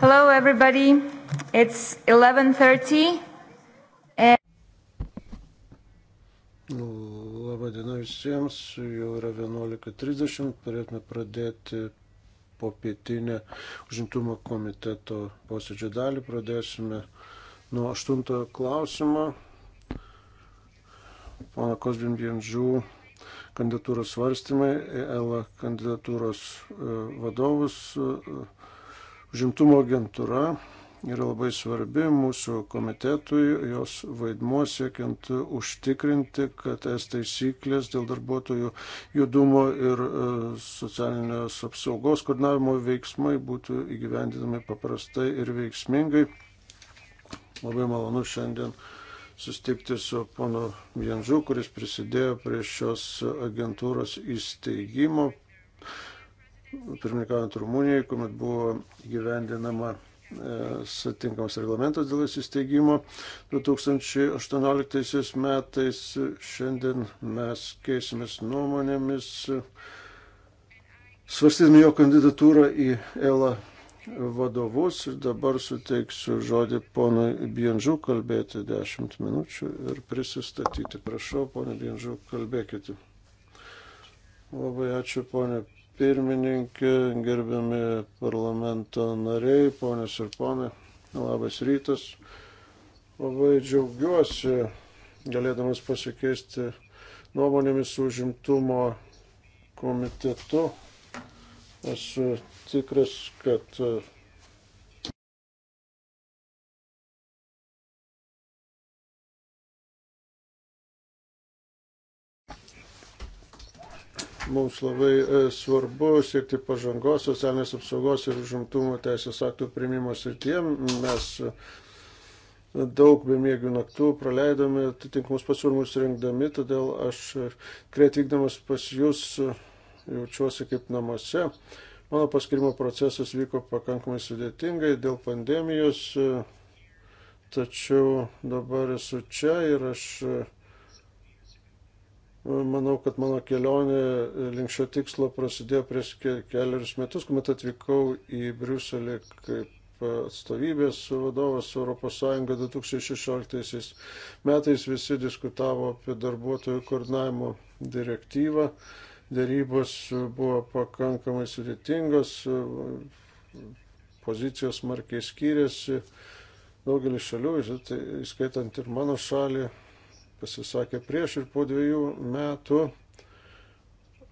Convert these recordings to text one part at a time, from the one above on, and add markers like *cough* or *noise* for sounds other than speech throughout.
Hello everybody. It's 11:30. And... Labadiena visiems, jau yra 11.30, turėtume pradėti popietinę užimtumo komiteto posėdžio dalį. Pradėsime nuo aštuntojo klausimo. Pana Kosbim Bienžių kandidatūros svarstymai, ELA kandidatūros e, vadovus. Uh, e, Užimtumo agentūra yra labai svarbi mūsų komitetui, jos vaidmuo siekiant užtikrinti, kad es taisyklės dėl darbuotojų judumo ir e, socialinės apsaugos koordinavimo veiksmai būtų įgyvendinami paprastai ir veiksmingai. Labai malonu šiandien sustikti su ponu Janžu, kuris prisidėjo prie šios agentūros įsteigimo pirmininkaujant Rumunijai, kuomet buvo įgyvendinama e, sutinkamas reglamentas dėl įsisteigimo 2018 metais. Šiandien mes keisimės nuomonėmis, svarstydami jo kandidatūrą į ELA vadovus ir dabar suteiksiu žodį ponui Bienžu kalbėti 10 minučių ir prisistatyti. Prašau, ponai Bienžu, kalbėkite. Labai ačiū, ponė pirmininkė, gerbiami parlamento nariai, ponės ir ponai, labas rytas. Labai džiaugiuosi galėdamas pasikeisti nuomonėmis su užimtumo komitetu. Esu tikras, kad Mums labai e, svarbu siekti pažangos socialinės apsaugos ir užimtumo teisės aktų primimo srityje. Mes e, daug bemiegių naktų praleidome, atitinkamus pasiūlymus rinkdami, todėl aš, kai atvykdamas pas jūs, e, jaučiuosi kaip namuose. Mano paskirimo procesas vyko pakankamai sudėtingai dėl pandemijos, tačiau dabar esu čia ir aš Manau, kad mano kelionė link šio tikslo prasidėjo prieš keliarius metus, kuomet atvykau į Briuselį kaip atstovybės vadovas ES 2016 metais visi diskutavo apie darbuotojų koordinavimo direktyvą. Dėrybos buvo pakankamai sudėtingos, pozicijos markiai skyrėsi daugelis šalių, tai įskaitant ir mano šalį, pasisakė prieš ir po dviejų metų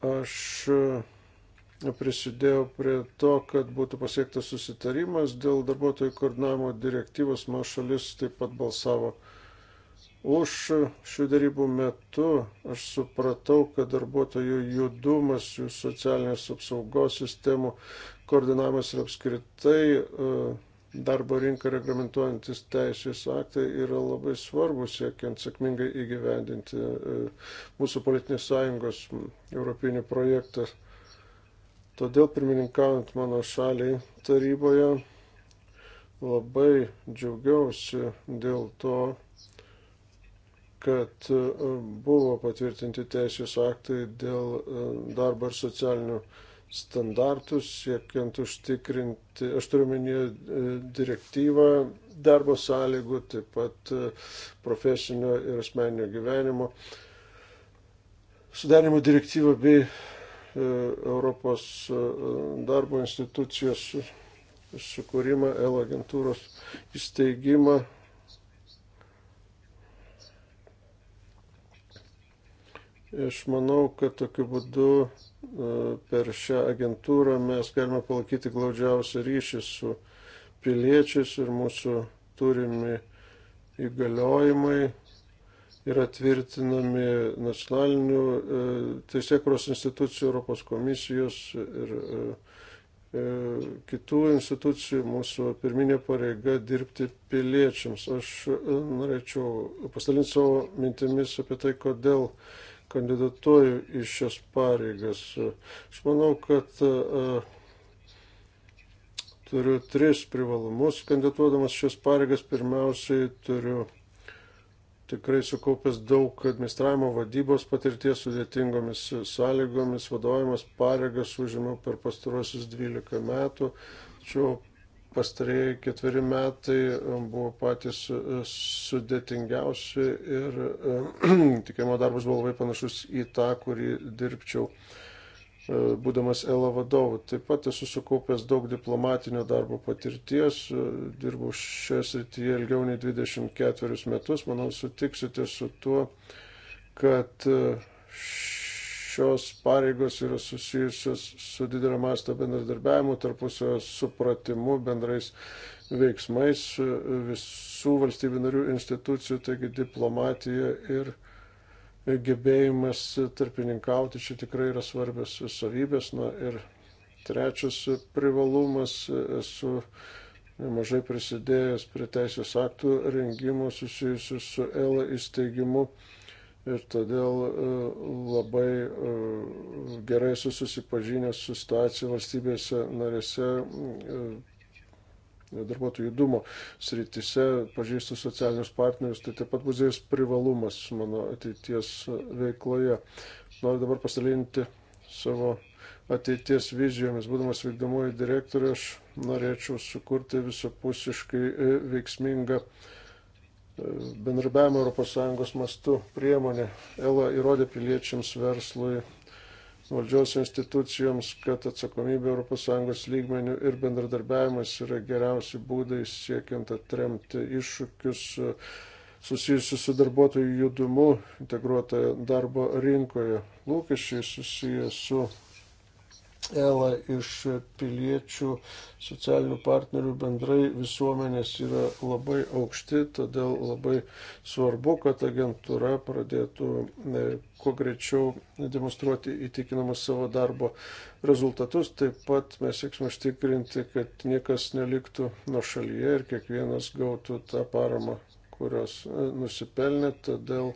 aš e, prisidėjau prie to, kad būtų pasiektas susitarimas dėl darbuotojų koordinavimo direktyvos. Mano šalis taip pat balsavo už šių darybų metu. Aš supratau, kad darbuotojų judumas, jų socialinės apsaugos sistemų koordinavimas ir apskritai uh, darbo rinką reglamentuojantis teisės aktai yra labai svarbus siekiant sėkmingai įgyvendinti e, mūsų politinės sąjungos europinį projektą. Todėl pirmininkaujant mano šaliai taryboje labai džiaugiausi dėl to, kad e, buvo patvirtinti teisės aktai dėl e, darbo ir socialinių standartus, siekiant užtikrinti, aš turiu minėję e, direktyvą darbo sąlygų, taip pat e, profesinio ir asmeninio gyvenimo sudarimo direktyvą bei e, Europos darbo institucijos sukūrimą, L agentūros įsteigimą. Aš manau, kad tokiu būdu E, per šią agentūrą mes galime palaikyti glaudžiausią ryšį su piliečiais ir mūsų turimi įgaliojimai yra tvirtinami nacionalinių e, teisėkuros institucijų, Europos komisijos ir e, kitų institucijų mūsų pirminė pareiga dirbti piliečiams. Aš norėčiau pasidalinti savo mintimis apie tai, kodėl uh, kandidatuoju į šias pareigas. Aš manau, kad e, turiu tris privalumus kandidatuodamas šias pareigas. Pirmiausiai turiu tikrai sukaupęs daug administravimo vadybos patirties sudėtingomis sąlygomis, vadovavimas pareigas užėmiau per pastaruosius 12 metų, tačiau pastarėjai ketveri metai buvo patys sudėtingiausi ir *clears throat* tikėjimo darbas buvo labai panašus į tą, kurį dirbčiau e, būdamas ELA vadovu. Taip pat esu sukaupęs daug diplomatinio darbo patirties, e, dirbau šioje srityje ilgiau nei 24 metus, manau sutiksite su tuo, kad e, šios pareigos yra susijusios su didelio masto bendradarbiavimu, tarpusio supratimu, bendrais veiksmais visų valstybių narių institucijų, taigi diplomatija ir gebėjimas tarpininkauti čia tikrai yra svarbios savybės. Na ir trečias privalumas esu nemažai prisidėjęs prie teisės aktų rengimo susijusių su ELA įsteigimu ir todėl e, labai e, gerai esu susipažinęs su situacija valstybėse narėse e, darbuotojų judumo srityse, pažįstu socialinius partnerius, tai taip pat bus dėjus privalumas mano ateities veikloje. Noriu dabar pasidalinti savo ateities vizijomis. Būdamas vykdomoji direktorė, aš norėčiau sukurti visapusiškai veiksmingą uh, bendrabiavimo ES mastu priemonė. ELA įrodė piliečiams, verslui, valdžios institucijoms, kad atsakomybė ES lygmenių ir bendradarbiavimas yra geriausi būdai siekiant atremti iššūkius susijusius su darbuotojų judumu integruotoje darbo rinkoje. Lūkesčiai susiję su ELA iš piliečių, socialinių partnerių bendrai visuomenės yra labai aukšti, todėl labai svarbu, kad agentūra pradėtų e, kuo greičiau demonstruoti įtikinamus savo darbo rezultatus. Taip pat mes sėksime užtikrinti, kad niekas neliktų nuo šalyje ir kiekvienas gautų tą paramą, kurios e, nusipelnė. Todėl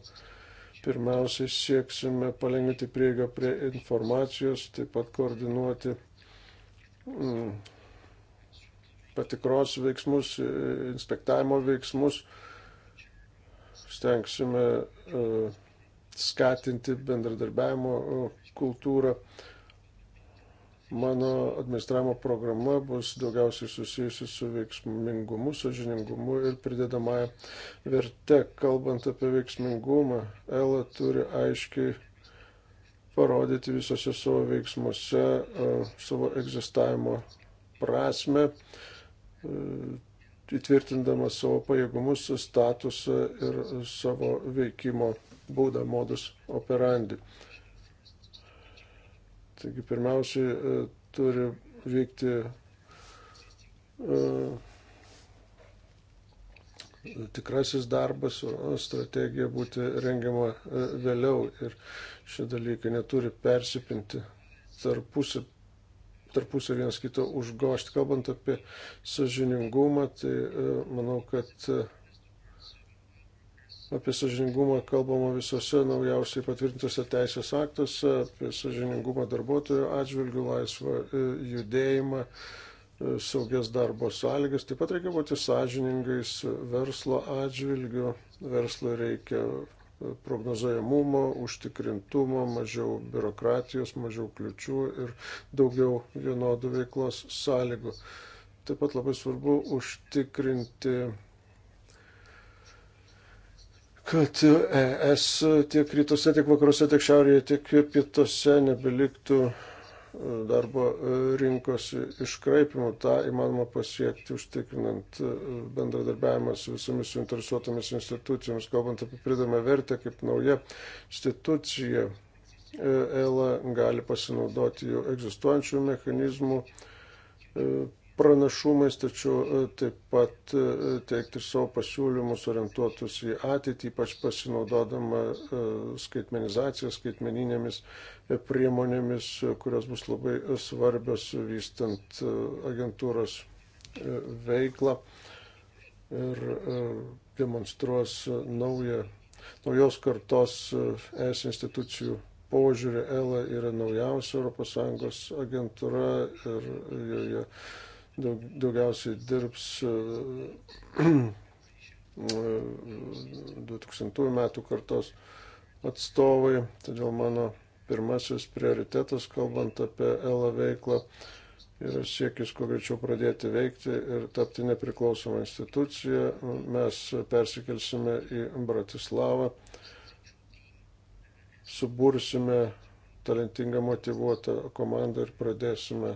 Pirmiausiai sieksime palengvinti prieigą prie informacijos, taip pat koordinuoti mm, patikros veiksmus, e, inspektavimo veiksmus. Stengsime uh, skatinti bendradarbiavimo e, kultūrą. Uh, Mano administravimo programa bus daugiausiai susijusi su veiksmingumu, sažiningumu ir pridedamąją vertę. Kalbant apie veiksmingumą, ELA turi aiškiai parodyti visose savo veiksmuose e, savo egzistavimo prasme, e, įtvirtindama savo pajėgumus, statusą ir savo veikimo būdą modus operandi. Taigi pirmiausiai e, turi vykti e, tikrasis darbas, o strategija būti rengiama e, vėliau ir šie dalykai neturi persipinti tarpusavį tarpusio vienas kito užgošti. Kalbant apie sažiningumą, tai manau, kad Apie sažiningumą kalbama visose naujausiai patvirtintose teisės aktuose, apie sažiningumą darbuotojų atžvilgių, laisvą e, judėjimą, e, saugias darbo sąlygas. Taip pat reikia būti sažiningais verslo atžvilgių. Verslui reikia e, prognozuojamumo, užtikrintumo, mažiau biurokratijos, mažiau kliučių ir daugiau vienodų veiklos sąlygų. Taip pat labai svarbu užtikrinti kad ES tiek rytuose, tiek vakaruose, tiek šiaurėje, tiek pietuose nebeliktų e, darbo e, rinkos iškraipimų. Ta įmanoma pasiekti užtikrinant e, bendradarbiavimą su visomis suinteresuotomis institucijomis, kalbant apie pridamą vertę kaip nauja institucija. ELA gali pasinaudoti jau egzistuojančių mechanizmų pranašumais, tačiau e, taip pat e, teikti savo pasiūlymus orientuotus į ateitį, ypač pasinaudodama e, skaitmenizacija, skaitmeninėmis priemonėmis, kurios bus labai svarbios vystant agentūros veiklą ir demonstruos naują, naujos kartos es institucijų požiūrį. ELA yra naujausia ES agentūra ir joje. Jo, daug, daugiausiai dirbs 2000 e, *clears throat* metų kartos atstovai, todėl mano pirmasis prioritetas, kalbant apie ELA veiklą, yra siekis kuo greičiau pradėti veikti ir tapti nepriklausomą instituciją. Mes persikelsime į Bratislavą, subursime talentingą motivuotą komandą ir pradėsime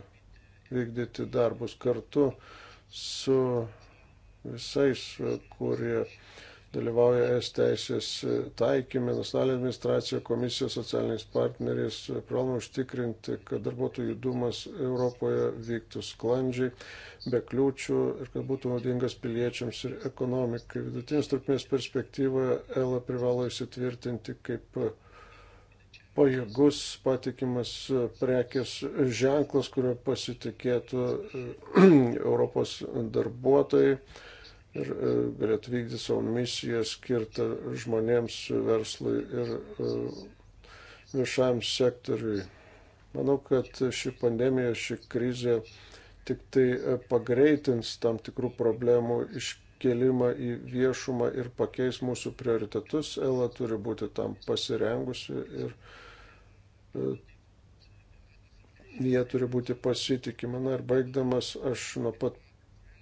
vykdyti darbus kartu su visais, kurie dalyvauja es teisės taikymė, nacionalinė administracija, komisija, socialiniais partneriais, privaloma užtikrinti, kad darbuotojų judumas Europoje vyktų sklandžiai, be kliūčių ir kad būtų naudingas piliečiams ir ekonomikai. Vidutinės trukmės perspektyvoje ELA privalo įsitvirtinti kaip pajėgus, patikimas prekės ženklas, kurio pasitikėtų *clears throat* Europos darbuotojai ir e, galėtų vykdyti savo misiją skirtą žmonėms, verslui ir e, viešajam sektoriui. Manau, kad ši pandemija, ši krizė tik tai e, pagreitins tam tikrų problemų iškelimą į viešumą ir pakeis mūsų prioritetus. Ela turi būti tam pasirengusi ir E, jie turi būti pasitikimi. Na ir baigdamas, aš nuo pat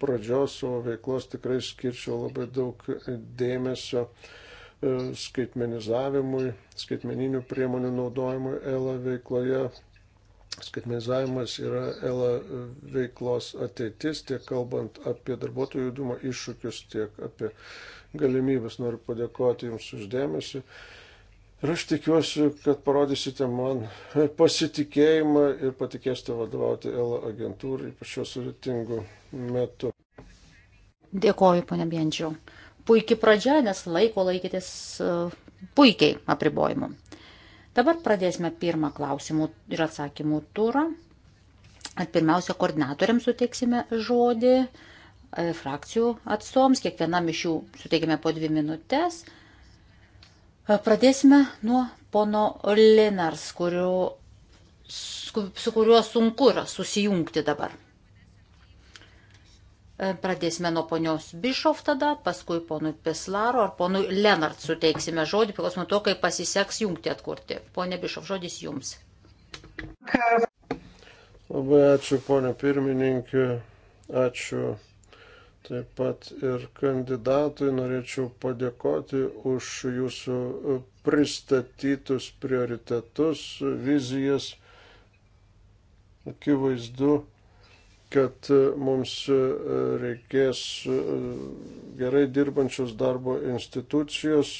pradžios savo veiklos tikrai skirčiau labai daug dėmesio e, skaitmenizavimui, skaitmeninių priemonių naudojimui ELA veikloje. Skaitmenizavimas yra ELA e, veiklos ateitis, tiek kalbant apie darbuotojų judumo iššūkius, tiek apie galimybės. Noriu padėkoti Jums uždėmesi. Ir aš tikiuosi, kad parodysite man pasitikėjimą ir patikėsite vadovauti ELA agentūrai ypač šiuo sudėtingu metu. Dėkoju, ponia Bienčiau. Puikiai pradžia, nes laiko laikytis e, puikiai apribojimu. Dabar pradėsime pirmą klausimų ir atsakymų turą. Pirmiausia, koordinatoriams suteiksime žodį, e, frakcijų atstoms, kiekvienam iš jų suteikime po dvi minutės. Pradėsime nuo pono Linars, kuriuo, su, su kuriuo sunku yra susijungti dabar. Pradėsime nuo ponios Bišov tada, paskui ponui Pislaro ar ponui Lenart suteiksime žodį, priklausomai to, kaip pasiseks jungti atkurti. Pone Bišov, žodis jums. Labai ačiū, ponė pirmininkė. Ačiū Taip pat ir kandidatui norėčiau padėkoti už jūsų pristatytus prioritetus, vizijas. Akivaizdu, kad mums reikės gerai dirbančios darbo institucijos,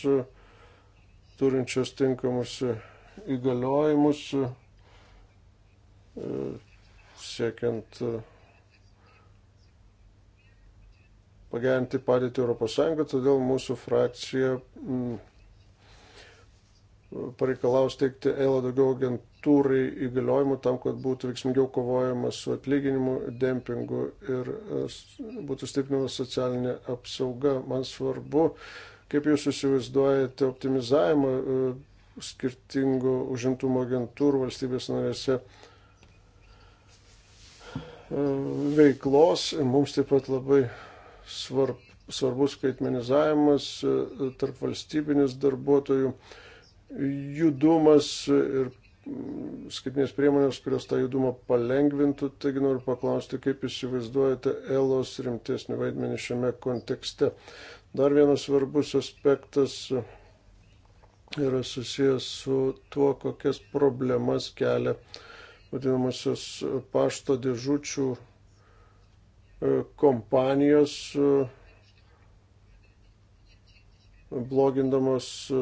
turinčios tinkamus įgaliojimus, siekiant pagerinti padėtį ES, todėl mūsų frakcija mm, pareikalaus teikti ELA daugiau agentūrai įgaliojimų tam, kad būtų veiksmingiau kovojama su atlyginimu, dempingu ir e, būtų stiprinama socialinė apsauga. Man svarbu, kaip jūs įsivaizduojate optimizavimą e, skirtingų užimtumo agentūrų valstybės narėse e, veiklos. Mums taip pat labai svarb, svarbus skaitmenizavimas, e, tarp valstybinis darbuotojų judumas ir mm, skaitinės priemonės, kurios tą judumą palengvintų. Taigi noriu paklausti, kaip įsivaizduojate ELOS rimtesnį vaidmenį šiame kontekste. Dar vienas svarbus aspektas yra susijęs su tuo, kokias problemas kelia vadinamosios pašto dėžučių E, kompanijos e, blogindamos e,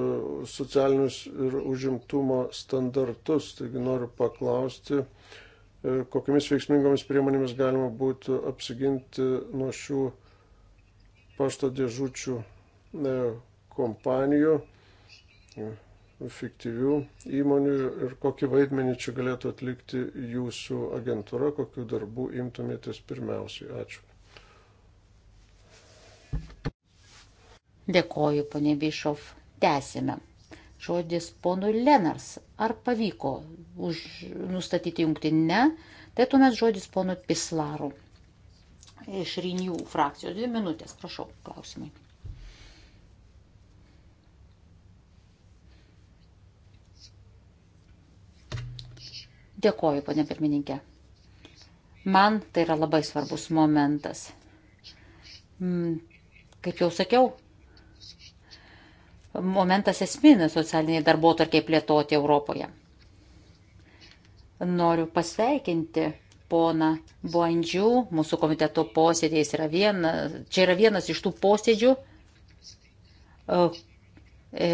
socialinius ir užimtumo standartus. Taigi noriu paklausti, kokiamis veiksmingomis priemonėmis galima būtų apsiginti nuo šių pašto dėžučių kompanijų fiktyvių įmonių ir kokį vaidmenį čia galėtų atlikti jūsų agentūra, kokiu darbu imtumėtės pirmiausiai. Ačiū. Dėkoju, ponė Bišov. Tęsime. Žodis ponui Lenars. Ar pavyko už... nustatyti jungti? Ne. Tai tuomet žodis ponui Pislaru. Iš Rinių frakcijos. Dvi minutės, prašau, klausimai. Dėkoju, ponė pirmininkė. Man tai yra labai svarbus momentas. Mm, kaip jau sakiau, momentas esminis socialiniai darbo tarkiai plėtoti Europoje. Noriu pasveikinti poną Buandžių, mūsų komiteto posėdės yra viena, čia yra vienas iš tų posėdžių, e,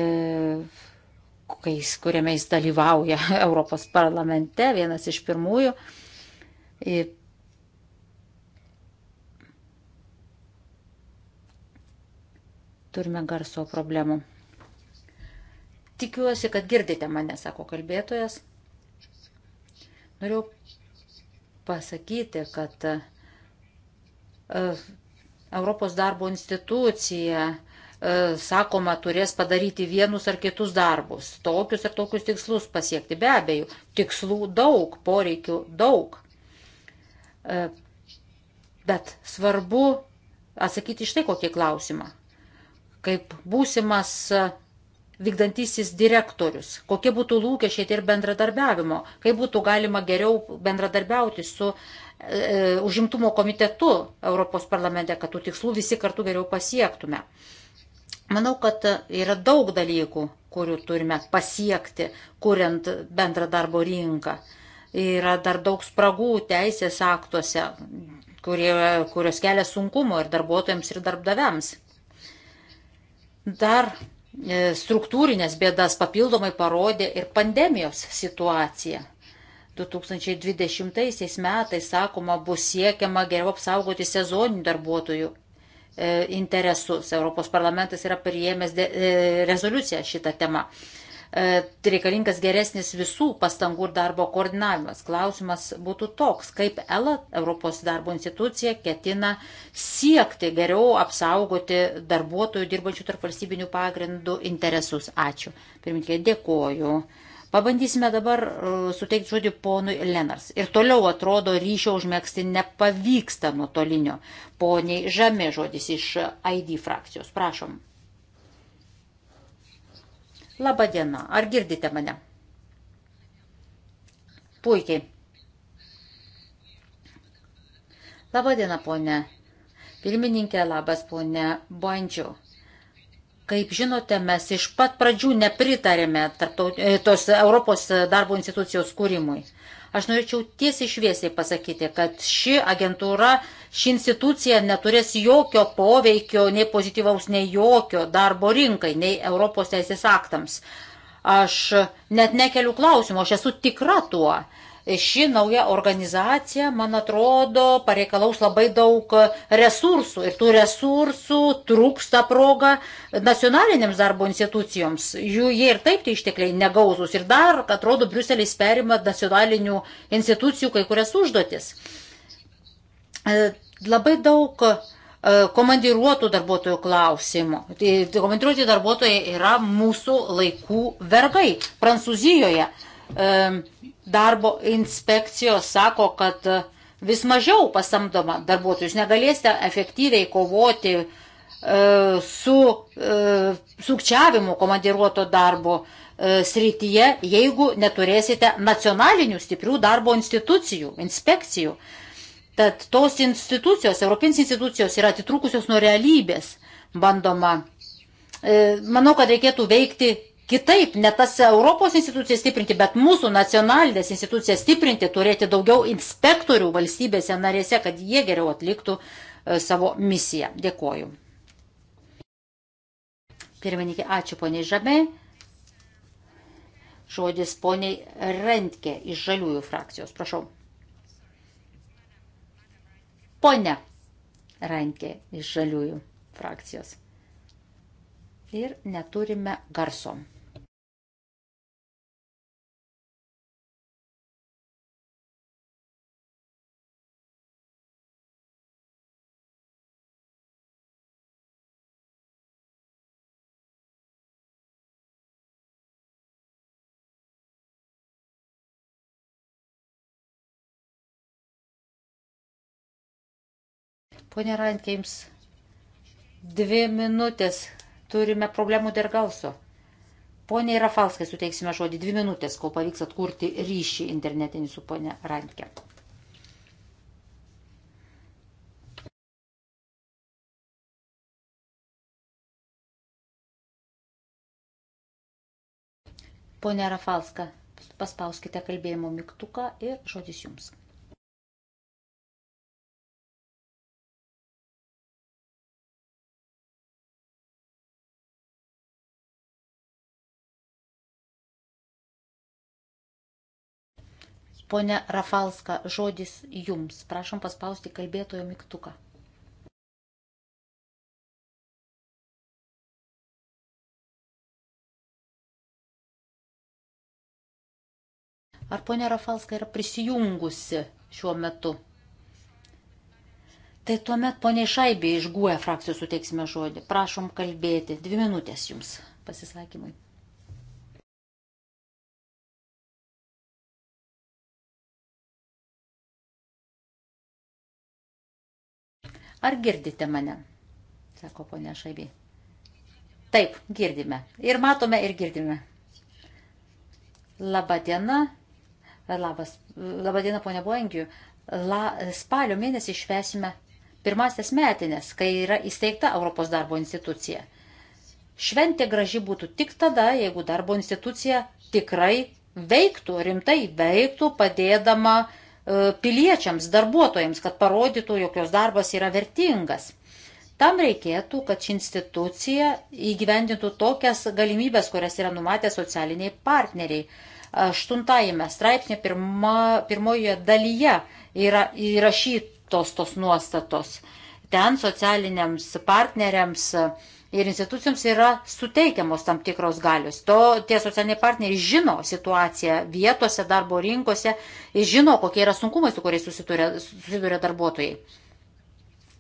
kuriame jis dalyvauja *laughs* Europos parlamente, vienas iš pirmųjų. Ir turime garso problemų. Tikiuosi, kad girdite mane, sako kalbėtojas. Noriu pasakyti, kad e, Europos darbo institucija E, sakoma, turės padaryti vienus ar kitus darbus, tokius ar tokius tikslus pasiekti. Be abejo, tikslų daug, poreikių daug. E, bet svarbu atsakyti štai kokį klausimą. Kaip būsimas vykdantisis direktorius, kokie būtų lūkesčiai ir bendradarbiavimo, kaip būtų galima geriau bendradarbiauti su e, e užimtumo komitetu Europos parlamente, kad tų tikslų visi kartu geriau pasiektume. E, Manau, kad yra daug dalykų, kurių turime pasiekti, kuriant bendrą darbo rinką. Yra dar daug spragų teisės aktuose, kurie, kurios kelia sunkumo ir darbuotojams, ir darbdaviams. Dar e, struktūrinės bėdas papildomai parodė ir pandemijos situacija. 2020 metais, sakoma, bus siekiama geriau apsaugoti sezoninių darbuotojų E, interesus. Europos parlamentas yra priėmęs e, rezoliuciją šitą temą. E, tai reikalingas geresnis visų pastangų ir darbo koordinavimas. Klausimas būtų toks, kaip ELA, Europos darbo institucija, ketina siekti geriau apsaugoti darbuotojų dirbančių tarp valstybinių pagrindų interesus. Ačiū. Pirminkė, dėkoju. Pabandysime dabar e, suteikti žodį ponui Lenars. Ir toliau atrodo ryšio užmėgsti nepavyksta nuotolinio. Poniai Žemė žodis iš ID frakcijos. Prašom. Labadiena. Ar girdite mane? Puikiai. Labadiena, ponė. Pirmininkė, labas, ponė Bandžiau. Kaip žinote, mes iš pat pradžių nepritarėme e, tos Europos darbo institucijos kūrimui. Aš norėčiau tiesiai šviesiai pasakyti, kad ši agentūra, ši institucija neturės jokio poveikio, nei pozityvaus, nei jokio darbo rinkai, nei Europos teisės aktams. Aš net nekeliu klausimų, aš esu tikra tuo ši nauja organizacija, man atrodo, pareikalaus labai daug resursų ir tų resursų trūksta proga nacionalinėms darbo institucijoms. Jų jie ir taip tie ištekliai negausus ir dar, atrodo, Bruselis perima nacionalinių institucijų kai kurias užduotis. E, labai daug e, komandiruotų darbuotojų klausimų. Tai komandiruoti darbuotojai yra mūsų laikų vergai. Prancūzijoje e, darbo inspekcijos sako, kad vis mažiau pasamdoma darbuotojų. Jūs negalėsite efektyviai kovoti e, su e, sukčiavimu komandiruoto darbo e, srityje, jeigu neturėsite nacionalinių stiprių darbo institucijų, inspekcijų. Tad tos institucijos, Europinės institucijos yra atitrūkusios nuo realybės, bandoma. E, manau, kad reikėtų veikti kitaip, ne tas Europos institucijas stiprinti, bet mūsų nacionalinės institucijas stiprinti, turėti daugiau inspektorių valstybėse narėse, kad jie geriau atliktų e, savo misiją. Dėkoju. Pirmininkė, ačiū poniai Žabė. Žodis poniai Rentke iš Žaliųjų frakcijos. Prašau. Pone Rentke iš Žaliųjų frakcijos. Ir neturime garsom. Pone Rankėms, dvi minutės turime problemų dėl gauso. Pone Rafalskai suteiksime žodį dvi minutės, kol pavyks atkurti ryšį internetinį su pone Rankė. Pone Rafalska, paspauskite kalbėjimo mygtuką ir žodis jums. Pone Rafalska, žodis jums. Prašom paspausti kalbėtojo mygtuką. Ar ponė Rafalska yra prisijungusi šiuo metu? Tai tuomet ponė Šaibė iš GUE frakcijos suteiksime žodį. Prašom kalbėti. Dvi minutės jums pasisakymui. Ar girdite mane? Sako ponia Šaibi. Taip, girdime. Ir matome, ir girdime. Labą dieną. Labas. Labą dieną, ponia Boengiu. La, spalio mėnesį švesime pirmasis metinės, kai yra įsteigta Europos darbo institucija. Šventė graži būtų tik tada, jeigu darbo institucija tikrai veiktų, rimtai veiktų, padėdama uh, E, piliečiams, darbuotojams, kad parodytų, jog jos darbas yra vertingas. Tam reikėtų, kad ši institucija įgyvendintų tokias galimybės, kurias yra numatę socialiniai partneriai. Aštuntajame straipsnė pirma, pirmojoje dalyje yra įrašytos tos nuostatos. Ten socialiniams partneriams uh, ir institucijoms yra suteikiamos tam tikros galios. To tie socialiniai partneriai žino situaciją vietose, darbo rinkose, žino, kokie yra sunkumai, su kuriais susiduria, susiduria darbuotojai.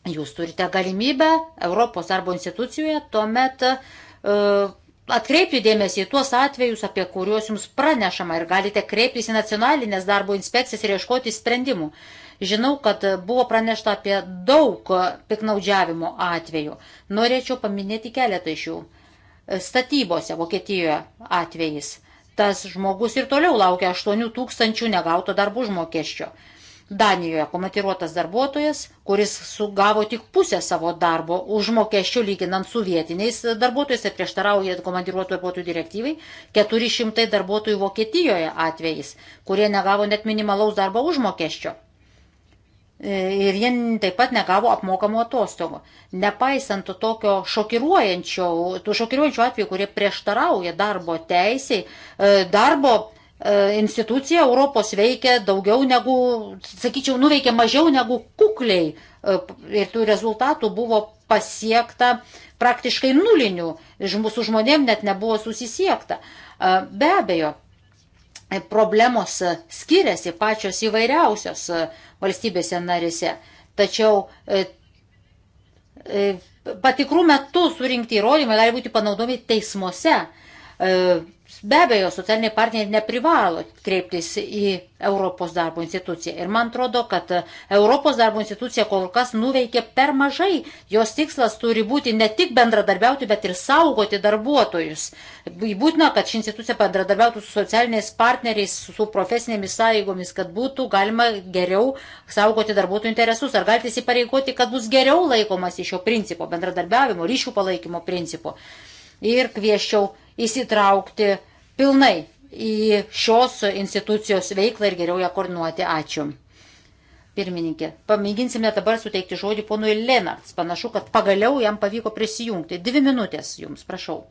Jūs turite galimybę Europos darbo institucijoje tuomet uh, atkreipti dėmesį į tuos atvejus, apie kuriuos jums pranešama ir galite kreiptis į nacionalinės darbo inspekcijas ir ieškoti sprendimų. Uh, Žinau, kad buvo pranešta apie daug piknaudžiavimo atvejų. Norėčiau paminėti keletą iš jų. Statybose Vokietijoje atvejais. Tas žmogus ir toliau laukia 8 tūkstančių negauto darbo užmokesčio. Danijoje komatiruotas darbuotojas, kuris sugavo tik pusę savo darbo užmokesčio lyginant su vietiniais darbuotojais, tai prieštarauja komatiruotų darbuotojų direktyvai, 400 darbuotojų Vokietijoje atvejais, kurie negavo net minimalaus darbo užmokesčio. E, ir jie taip pat negavo apmokamo atostogų. Nepaisant to tokio šokiruojančio, tų šokiruojančių atvejų, kurie prieštarauja darbo teisiai, e, darbo e, institucija Europos veikia daugiau negu, sakyčiau, nuveikė mažiau negu kukliai ir tų rezultatų buvo pasiekta praktiškai nulinių, mūsų žmonėm net nebuvo susisiekta. Be abejo, problemos skiriasi pačios įvairiausios e, valstybėse narise. Tačiau e, e, patikrų metu surinkti įrodymai gali būti panaudomi teismuose. Be abejo, socialiniai partneriai neprivalo kreiptis į Europos darbo instituciją. Ir man atrodo, kad Europos darbo institucija kol kas nuveikė per mažai. Jos tikslas turi būti ne tik bendradarbiauti, bet ir saugoti darbuotojus. Būtina, kad ši institucija bendradarbiautų su socialiniais partneriais, su profesinėmis sąlygomis, kad būtų galima geriau saugoti darbuotojų interesus. Ar galite įsipareigoti, kad bus geriau laikomas iš šio principo, bendradarbiavimo, ryšių palaikymo principo. Ir kvieščiau įsitraukti pilnai į šios institucijos veiklą ir geriau ją koordinuoti. Ačiū. Pirmininkė, pamėginsime dabar suteikti žodį ponui Lenarts. Panašu, kad pagaliau jam pavyko prisijungti. Dvi minutės jums, prašau.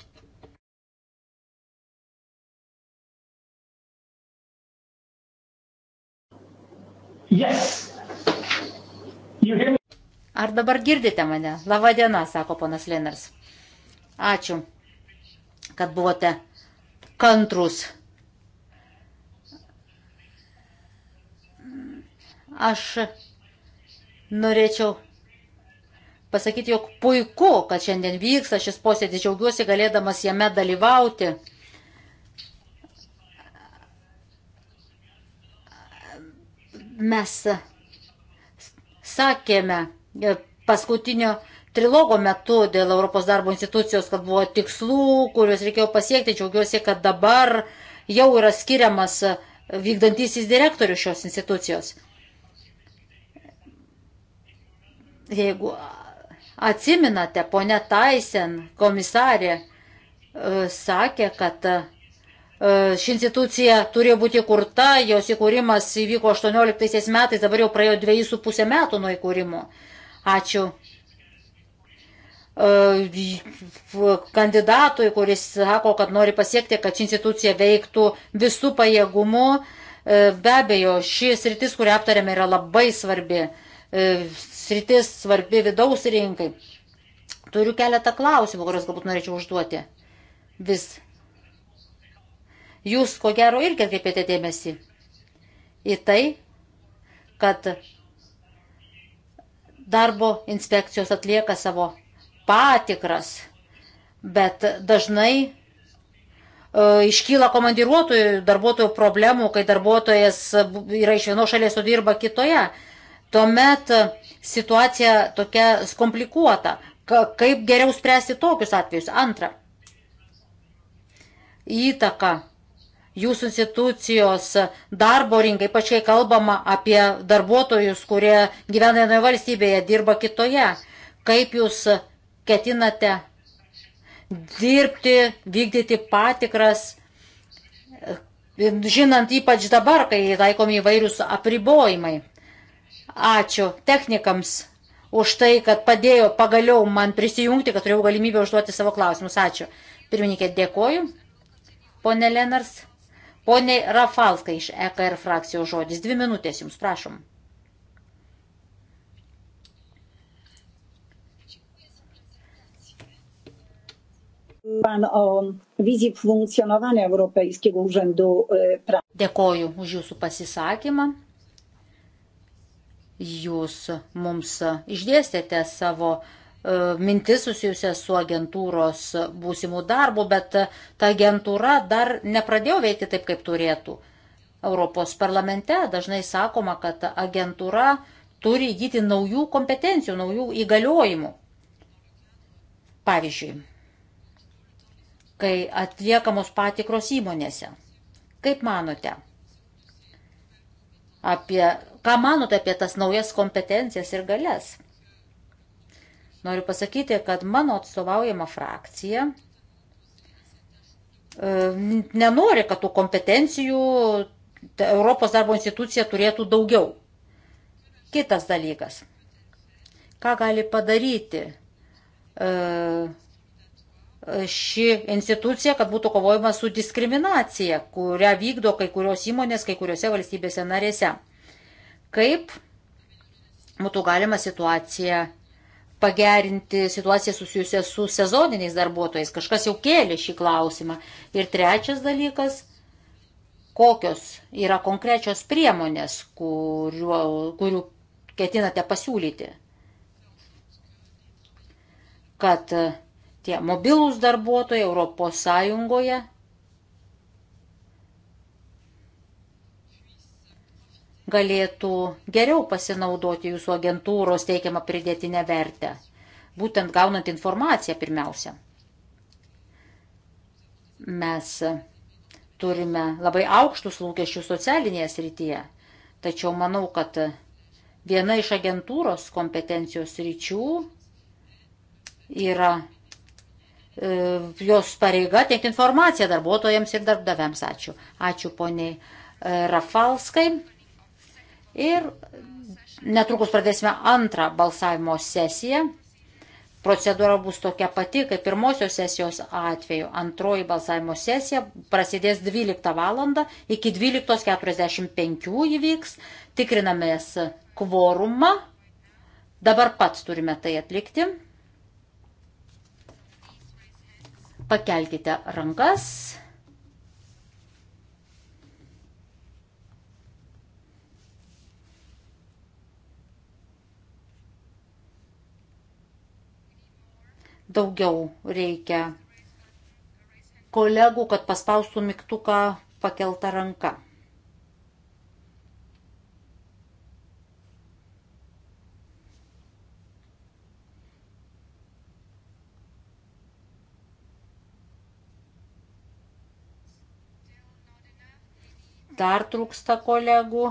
Yes. Ar dabar girdite mane? Labadiena, sako ponas Lenars. Ačiū kad buvote kantrus. Aš norėčiau pasakyti, jog puiku, kad šiandien vyksta šis posėdis, džiaugiuosi galėdamas jame dalyvauti. Mes sakėme e, paskutinio trilogo metu dėl Europos darbo institucijos, kad buvo tikslų, kuriuos reikėjo pasiekti. Džiaugiuosi, kad dabar jau yra skiriamas e, vykdantysis direktorius šios institucijos. Jeigu atsiminate, ponia Taisen, komisarė, e, sakė, kad e, ši institucija turėjo būti kurta, jos įkūrimas įvyko 18 metais, dabar jau praėjo 2,5 metų nuo įkūrimo. Ačiū E, kandidatui, kuris sako, kad nori pasiekti, kad ši institucija veiktų visų pajėgumų. E, be abejo, šis rytis, kurią aptarėme, yra labai svarbi. E, sritis svarbi vidaus rinkai. Turiu keletą klausimų, kuriuos galbūt norėčiau užduoti. Vis. Jūs, ko gero, irgi atkreipėte dėmesį į tai, kad darbo inspekcijos atlieka savo patikras, bet dažnai e, iškyla komandiruotojų darbuotojų problemų, kai darbuotojas yra iš vienos šalies, o dirba kitoje. Tuomet situacija tokia komplikuota. Kaip geriau spręsti tokius atvejus? Antra. Įtaka jūsų institucijos darbo rinkai, ypač kai kalbama apie darbuotojus, kurie gyvena vienoje valstybėje, dirba kitoje. Kaip jūs ketinate dirbti, vykdyti patikras, žinant ypač dabar, kai taikomi įvairius apribojimai. Ačiū technikams už tai, kad padėjo pagaliau man prisijungti, kad turėjau galimybę užduoti savo klausimus. Ačiū. Pirmininkė, dėkoju. Pone Lenars. Pone Rafalskai iš EKR frakcijos žodis. Dvi minutės jums, prašom. Pan o wizji funkcjonowania Europejskiego Urzędu e, Pracy. Dėkoju už Jūsų pasisakymą. Jūs mums išdėstėte savo e, mintis susijusias su agentūros būsimų darbų, bet ta agentūra dar nepradėjo veikti taip, kaip turėtų. Europos parlamente dažnai sakoma, kad agentūra turi įgyti naujų kompetencijų, naujų įgaliojimų. Pavyzdžiui, kai atliekamos patikros įmonėse. Kaip manote? Apie, ką manote apie tas naujas kompetencijas ir galės? Noriu pasakyti, kad mano atstovaujama frakcija e, nenori, kad tų kompetencijų Europos darbo institucija turėtų daugiau. Kitas dalykas. Ką gali padaryti e, ši institucija, kad būtų kovojama su diskriminacija, kurią vykdo kai kurios įmonės, kai kuriuose valstybėse narėse. Kaip būtų galima situaciją pagerinti, situaciją susijusią su sezoniniais darbuotojais. Kažkas jau kėlė šį klausimą. Ir trečias dalykas - kokios yra konkrečios priemonės, kuriuo, kurių ketinate pasiūlyti, kad tie mobilūs darbuotojai Europos Sąjungoje galėtų geriau pasinaudoti jūsų agentūros teikiamą pridėtinę vertę, būtent gaunant informaciją pirmiausia. Mes turime labai aukštus lūkesčius socialinėje srityje, tačiau manau, kad viena iš agentūros kompetencijos ryčių yra E, jos pareiga teikti informaciją darbuotojams ir darbdaviams. Ačiū. Ačiū poniai e, Rafalskai. Ir netrukus pradėsime antrą balsavimo sesiją. Procedūra bus tokia pati, kaip pirmosios sesijos atveju. Antroji balsavimo sesija prasidės 12 val. iki 12.45 įvyks. Tikrinamės kvorumą. Dabar pats turime tai atlikti. Pakelkite rankas. Daugiau reikia kolegų, kad paspaustų mygtuką pakeltą ranką. Dar trūksta kolegų.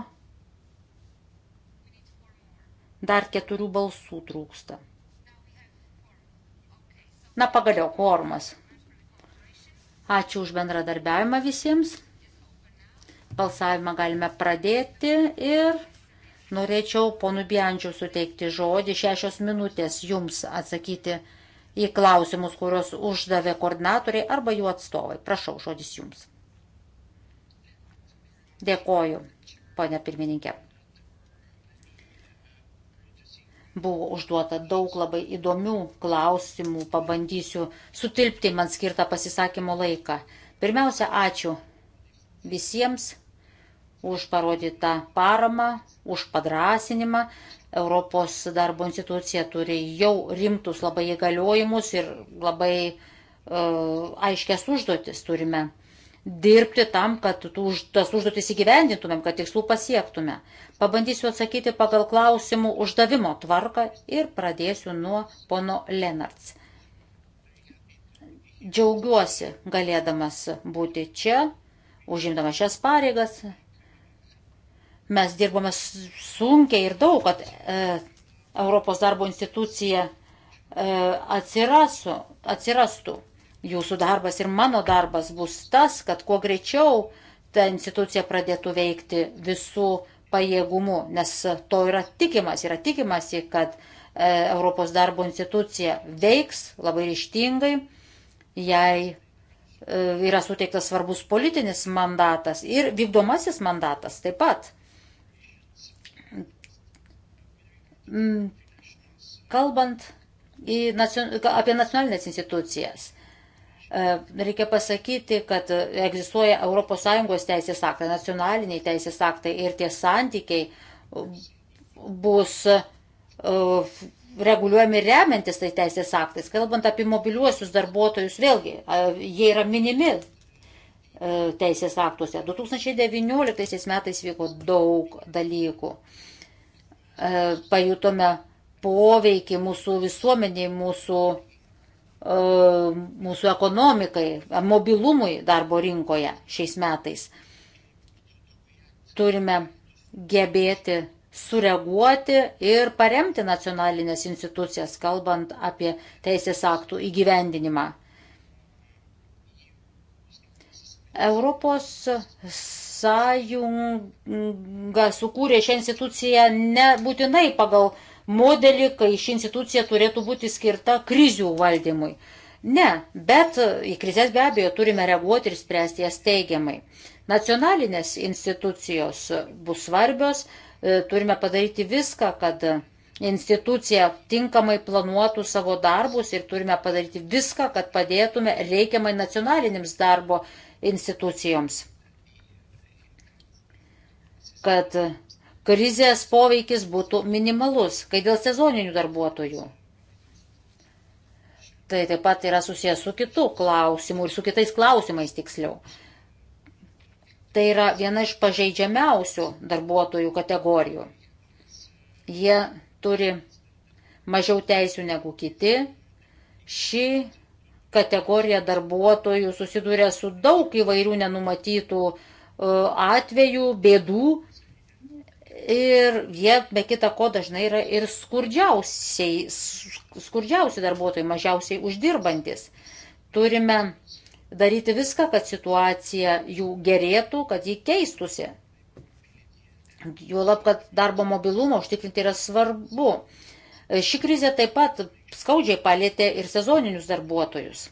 Dar keturių balsų trūksta. Na, pagaliau, kvormas. Ačiū už bendradarbiavimą visiems. Balsavimą galime pradėti ir norėčiau ponu Biančiu suteikti žodį šešios minutės jums atsakyti į klausimus, kuriuos uždavė koordinatoriai arba jų atstovai. Prašau, žodis jums. Dėkoju, ponė pirmininkė. Buvo užduota daug labai įdomių klausimų, pabandysiu sutilpti man skirtą pasisakymo laiką. Pirmiausia, ačiū visiems už parodytą paramą, už padrasinimą. Europos darbo institucija turi jau rimtus labai įgaliojimus ir labai uh, aiškias užduotis turime dirbti tam, kad už, tas užduotis įgyvendintumėm, kad tikslų pasiektume. Pabandysiu atsakyti pagal klausimų uždavimo tvarką ir pradėsiu nuo pono Lenarts. Džiaugiuosi galėdamas būti čia, užimdamas šias pareigas. Mes dirbome sunkiai ir daug, kad e, Europos darbo institucija e, atsirasu, atsirastų. Jūsų darbas ir mano darbas bus tas, kad kuo greičiau ta institucija pradėtų veikti visų pajėgumu, nes to yra tikimas, yra tikimasi, kad e, Europos darbo institucija veiks labai ryštingai, jai e, yra suteiktas svarbus politinis mandatas ir vykdomasis mandatas taip pat. Mm, kalbant į, apie nacionalinės institucijas, E, reikia pasakyti, kad egzistuoja ES teisės aktai, nacionaliniai teisės aktai ir tie santykiai bus e, reguliuojami remiantis tai teisės aktais. Kalbant apie mobiliuosius darbuotojus, vėlgi, e, jie yra minimi teisės aktuose. 2019 metais vyko daug dalykų. Pajutome poveikį mūsų visuomeniai, mūsų Uh, mūsų ekonomikai, mobilumui darbo rinkoje šiais metais. Turime gebėti sureaguoti ir paremti nacionalinės institucijas, kalbant apie teisės aktų įgyvendinimą. Europos sąjunga sukūrė šią instituciją nebūtinai pagal uh, modelį, kai ši institucija turėtų būti skirta krizių valdymui. Ne, bet į krizės be abejo turime reaguoti ir spręsti jas teigiamai. Nacionalinės institucijos bus svarbios, e, turime padaryti viską, kad institucija tinkamai planuotų savo darbus ir turime padaryti viską, kad padėtume reikiamai nacionalinėms darbo institucijoms. Kad krizės poveikis būtų minimalus, kai dėl sezoninių darbuotojų. Tai taip pat yra susijęs su kitų klausimų ir su kitais klausimais tiksliau. Tai yra viena iš pažeidžiamiausių darbuotojų kategorijų. Jie turi mažiau teisių negu kiti. Ši kategorija darbuotojų susiduria su daug įvairių nenumatytų e, atvejų, bėdų Ir jie be kita ko dažnai yra ir skurdžiausiai, skurdžiausi darbuotojai, mažiausiai uždirbantis. Turime daryti viską, kad situacija jų gerėtų, kad ji keistusi. Juolab, kad darbo mobilumą užtikrinti yra svarbu. Ši krizė taip pat skaudžiai palėtė ir sezoninius darbuotojus.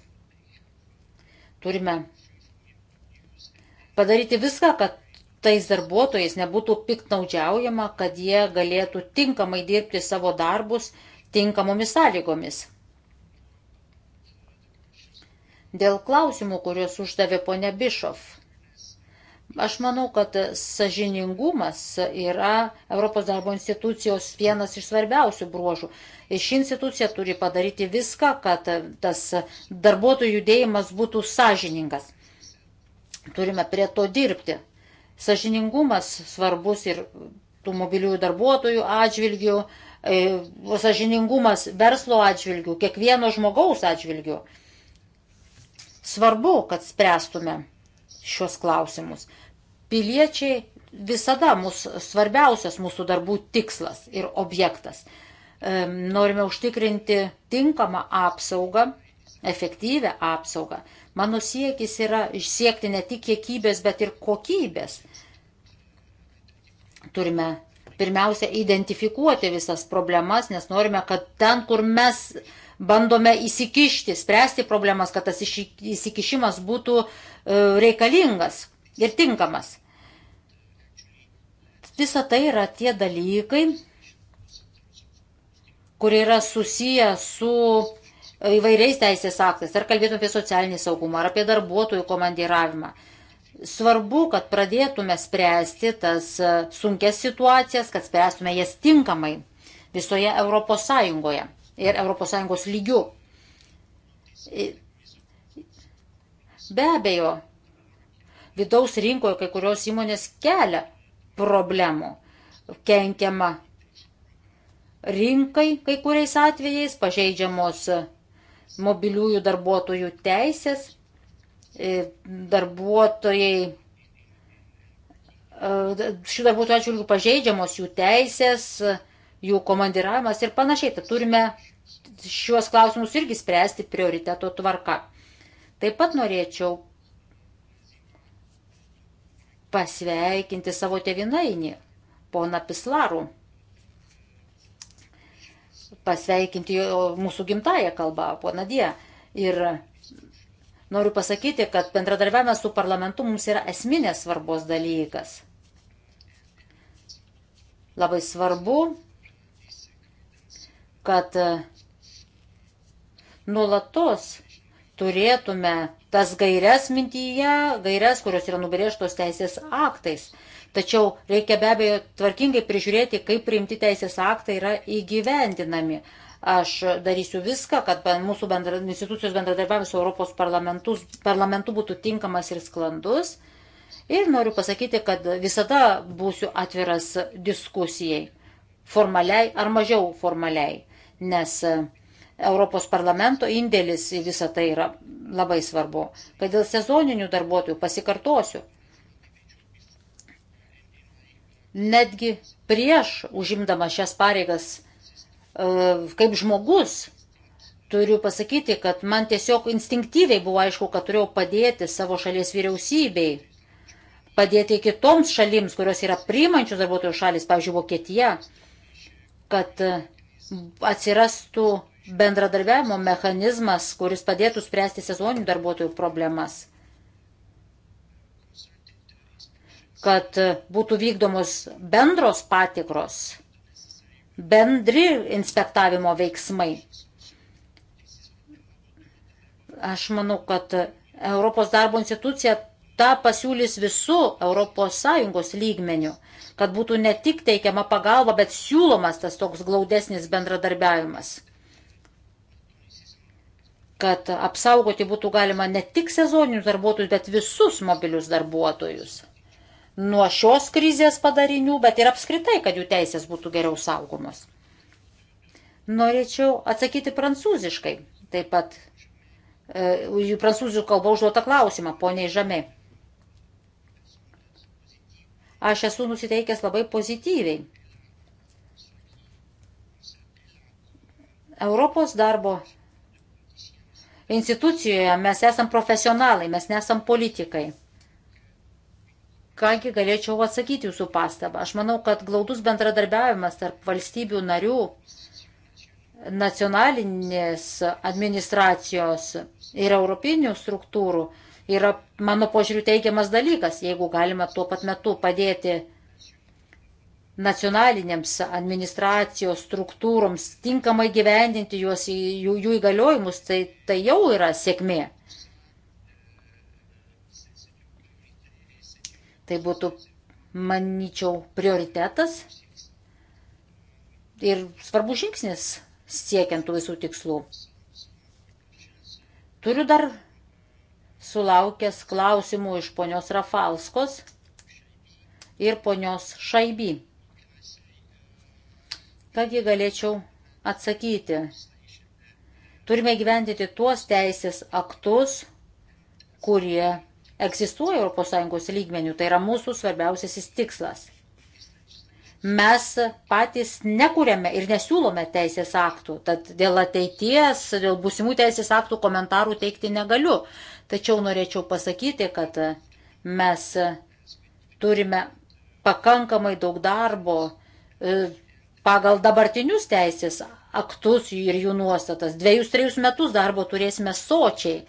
Turime padaryti viską, kad tais darbuotojais nebūtų piktnaudžiaujama, kad jie galėtų tinkamai dirbti savo darbus tinkamomis sąlygomis. Dėl klausimų, kuriuos uždavė ponia Bišov. Aš manau, kad sažiningumas yra Europos darbo institucijos vienas iš svarbiausių bruožų. Ši institucija turi padaryti viską, kad tas darbuotojų judėjimas būtų sažiningas. Turime prie to dirbti. Sažiningumas svarbus ir tų mobiliųjų darbuotojų atžvilgių, e, sažiningumas verslo atžvilgių, kiekvieno žmogaus atžvilgių. Svarbu, kad spręstume šios klausimus. Piliečiai visada mūsų svarbiausias mūsų darbų tikslas ir objektas. Norime užtikrinti tinkamą apsaugą efektyvę apsaugą. Mano siekis yra siekti ne tik kiekybės, bet ir kokybės. Turime pirmiausia identifikuoti visas problemas, nes norime, kad ten, kur mes bandome įsikišti, spręsti problemas, kad tas įsikišimas būtų e, reikalingas ir tinkamas. Visa tai yra tie dalykai, kurie yra susiję su įvairiais teisės aktais, ar kalbėtume apie socialinį saugumą, ar apie darbuotojų komandiravimą. Svarbu, kad pradėtume spręsti tas e, sunkias situacijas, kad spręstume jas tinkamai visoje Europos Sąjungoje ir Europos Sąjungos lygių. Be abejo, vidaus rinkoje kai kurios įmonės kelia problemų, kenkiama rinkai kai kuriais atvejais, pažeidžiamos mobiliųjų darbuotojų teisės, e, darbuotojai, e, šių darbuotojų atžvilgių pažeidžiamos jų teisės, jų komandiravimas ir panašiai. Tad turime šiuos klausimus irgi spręsti prioriteto tvarka. Taip pat norėčiau pasveikinti savo tevinainį, poną Pislarų pasveikinti mūsų gimtają kalbą, ponadie. Ir noriu pasakyti, kad bendradarbiavimas su parlamentu mums yra esminės svarbos dalykas. Labai svarbu, kad nuolatos turėtume tas gairias mintyje, gairias, kurios yra nubrėžtos teisės aktais. Tačiau reikia be abejo tvarkingai prižiūrėti, kaip priimti teisės aktai yra įgyvendinami. Aš darysiu viską, kad mūsų bendra, institucijos bendradarbiavimas su Europos parlamentu būtų tinkamas ir sklandus. Ir noriu pasakyti, kad visada būsiu atviras diskusijai, formaliai ar mažiau formaliai, nes e, Europos parlamento indėlis į visą tai yra labai svarbu. Kad dėl sezoninių darbuotojų pasikartosiu, netgi prieš užimdama šias pareigas e, kaip žmogus. Turiu pasakyti, kad man tiesiog instinktyviai buvo aišku, kad turėjau padėti savo šalies vyriausybei, padėti kitoms šalims, kurios yra priimančių darbuotojų šalis, pavyzdžiui, Vokietija, kad e, atsirastų bendradarbiavimo mechanizmas, kuris padėtų spręsti sezoninių darbuotojų problemas. kad būtų vykdomos bendros patikros, bendri inspektavimo veiksmai. Aš manau, kad Europos darbo institucija tą pasiūlys visų ES lygmenių, kad būtų ne tik teikiama pagalba, bet siūlomas tas toks glaudesnis bendradarbiavimas kad apsaugoti būtų galima ne tik sezoninius darbuotojus, bet visus mobilius darbuotojus nuo šios krizės padarinių, bet ir apskritai, kad jų teisės būtų geriau saugomos. Norėčiau atsakyti prancūziškai, taip pat jų e, prancūzų kalba užduotą klausimą, poniai Žamė. Aš esu nusiteikęs labai pozityviai. Europos darbo institucijoje mes esam profesionalai, mes nesam politikai. Kągi galėčiau atsakyti jūsų pastabą. Aš manau, kad glaudus bendradarbiavimas tarp valstybių narių, nacionalinės administracijos ir europinių struktūrų yra mano požiūriu teigiamas dalykas, jeigu galima tuo pat metu padėti nacionalinėms administracijos struktūroms tinkamai gyvendinti juos, jų, jų įgaliojimus, tai, tai jau yra sėkmė. Tai būtų, manyčiau, prioritetas ir svarbus žingsnis siekiant visų tikslų. Turiu dar sulaukęs klausimų iš ponios Rafalskos ir ponios Šaiby. Kągi galėčiau atsakyti? Turime gyventyti tuos teisės aktus, kurie egzistuoja ES lygmenių, tai yra mūsų svarbiausiasis tikslas. Mes patys nekūrėme ir nesiūlome teisės aktų, tad dėl ateities, dėl būsimų teisės aktų komentarų teikti negaliu. Tačiau norėčiau pasakyti, kad mes turime pakankamai daug darbo e, pagal dabartinius teisės aktus ir jų nuostatas. Dviejus, trejus metus darbo turėsime sočiai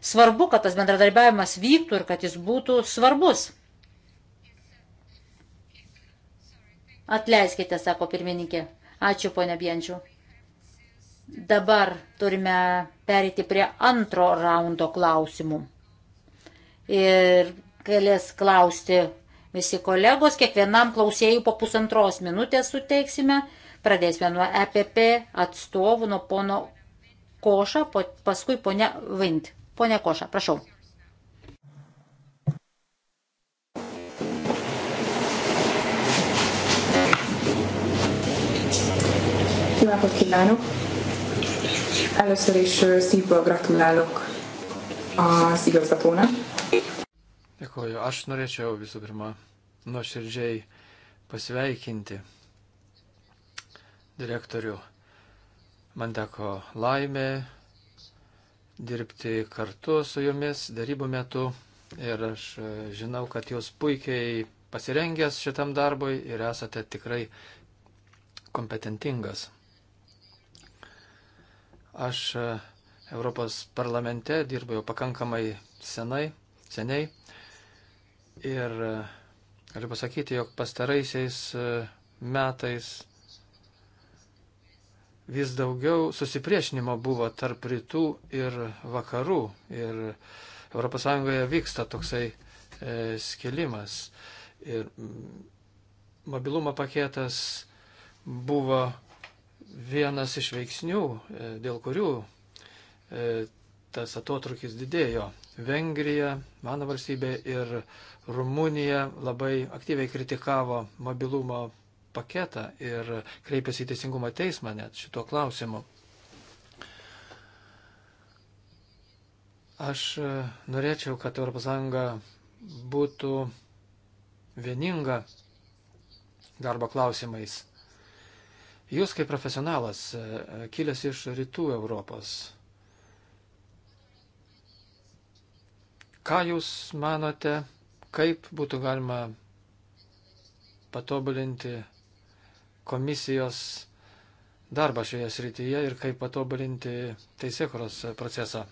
Svarbu, kad tas bendradarbiavimas vyktų ir kad jis būtų svarbus. Atleiskite, sako pirmininkė. Ačiū, ponia Bienčių. Dabar turime perėti prie antro raundo klausimų. Ir galės klausti visi kolegos, kiekvienam klausėjui po pusantros minutės suteiksime. Pradėsime nuo EPP atstovų, nuo pono Koša, paskui ponia Vint. Pone Koša, prašau. Jó napot kívánok! Először is szívből gratulálok az igazgatónak. Dėkuoju, aš norėčiau visų pirma nuoširdžiai pasveikinti direktorių. Man teko laimė dirbti kartu su jumis darybų metu ir aš e, žinau, kad jūs puikiai pasirengęs šitam darbui ir esate tikrai kompetentingas. Aš e, Europos parlamente dirbu jau pakankamai senai, seniai ir e, galiu pasakyti, jog pastaraisiais metais vis daugiau susipriešinimo buvo tarp rytų ir vakarų. Ir ES vyksta toksai e, skilimas. Ir mobilumo paketas buvo vienas iš veiksnių, e, dėl kurių e, tas atotrukis didėjo. Vengrija, mano valstybė ir Rumunija labai aktyviai kritikavo mobilumo paketą ir kreipėsi į Teisingumo teismą net šituo klausimu. Aš e, norėčiau, kad ES būtų vieninga darbo klausimais. Jūs kaip profesionalas, e, kilęs iš rytų Europos, ką Jūs manote, kaip būtų galima patobulinti komisijos darbą šioje srityje ir kaip patobulinti teisėkuros procesą.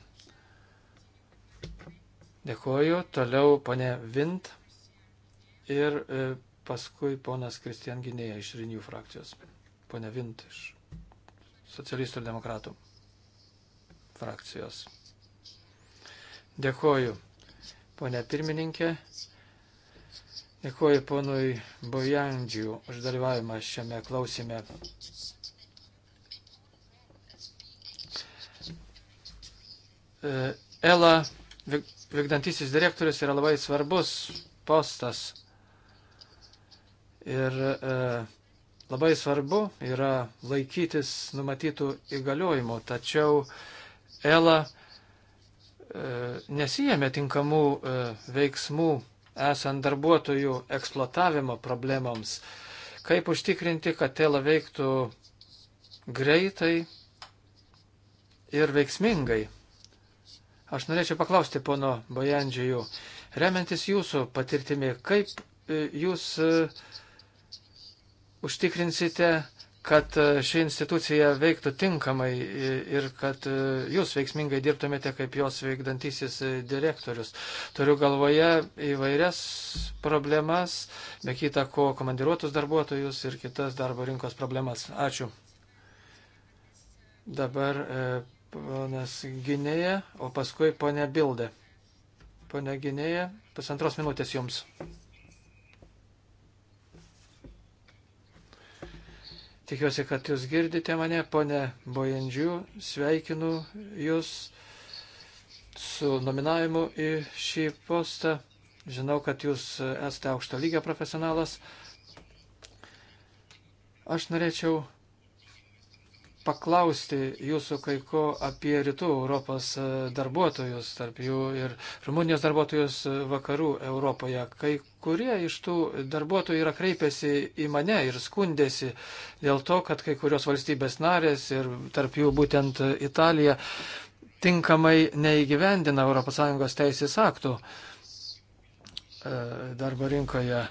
Dėkuoju. Toliau ponė Vint ir e, paskui ponas Kristian Gynėja iš Rinių frakcijos. Pone Vint iš socialistų ir demokratų frakcijos. Dėkuoju, ponė pirmininkė. Dėkuoju ponui Bojandžiu už dalyvavimą šiame klausime. E, Ela vykdantisis direktorius yra labai svarbus postas. Ir e, labai svarbu yra laikytis numatytų įgaliojimų, tačiau Ela e, nesijėmė tinkamų e, veiksmų esant darbuotojų eksploatavimo problemams. Kaip užtikrinti, kad tela veiktų greitai ir veiksmingai. Aš norėčiau paklausti pono Bojandžiųjų, remiantis jūsų patirtimi, kaip e, jūs e, užtikrinsite kad e, ši institucija veiktų tinkamai ir kad e, jūs veiksmingai dirbtumėte kaip jos veikdantysis e, direktorius. Turiu galvoje įvairias problemas, be kita ko komandiruotus darbuotojus ir kitas darbo rinkos problemas. Ačiū. Dabar ponas Gynėja, o paskui ponė Bildė. Pone Gynėja, pusantros minutės jums. Tikiuosi, kad jūs girdite mane, ponė Bojandžių, sveikinu jūs su nominavimu į šį postą. Žinau, kad jūs esate aukšto lygio profesionalas. Aš norėčiau paklausti jūsų kai ko apie rytų Europos e, darbuotojus, tarp jų ir Rumunijos darbuotojus e, vakarų Europoje. Kai kurie iš tų darbuotojų yra kreipėsi į mane ir skundėsi dėl to, kad kai kurios valstybės narės ir tarp jų būtent Italija tinkamai neįgyvendina ES teisės aktų e, darbo rinkoje.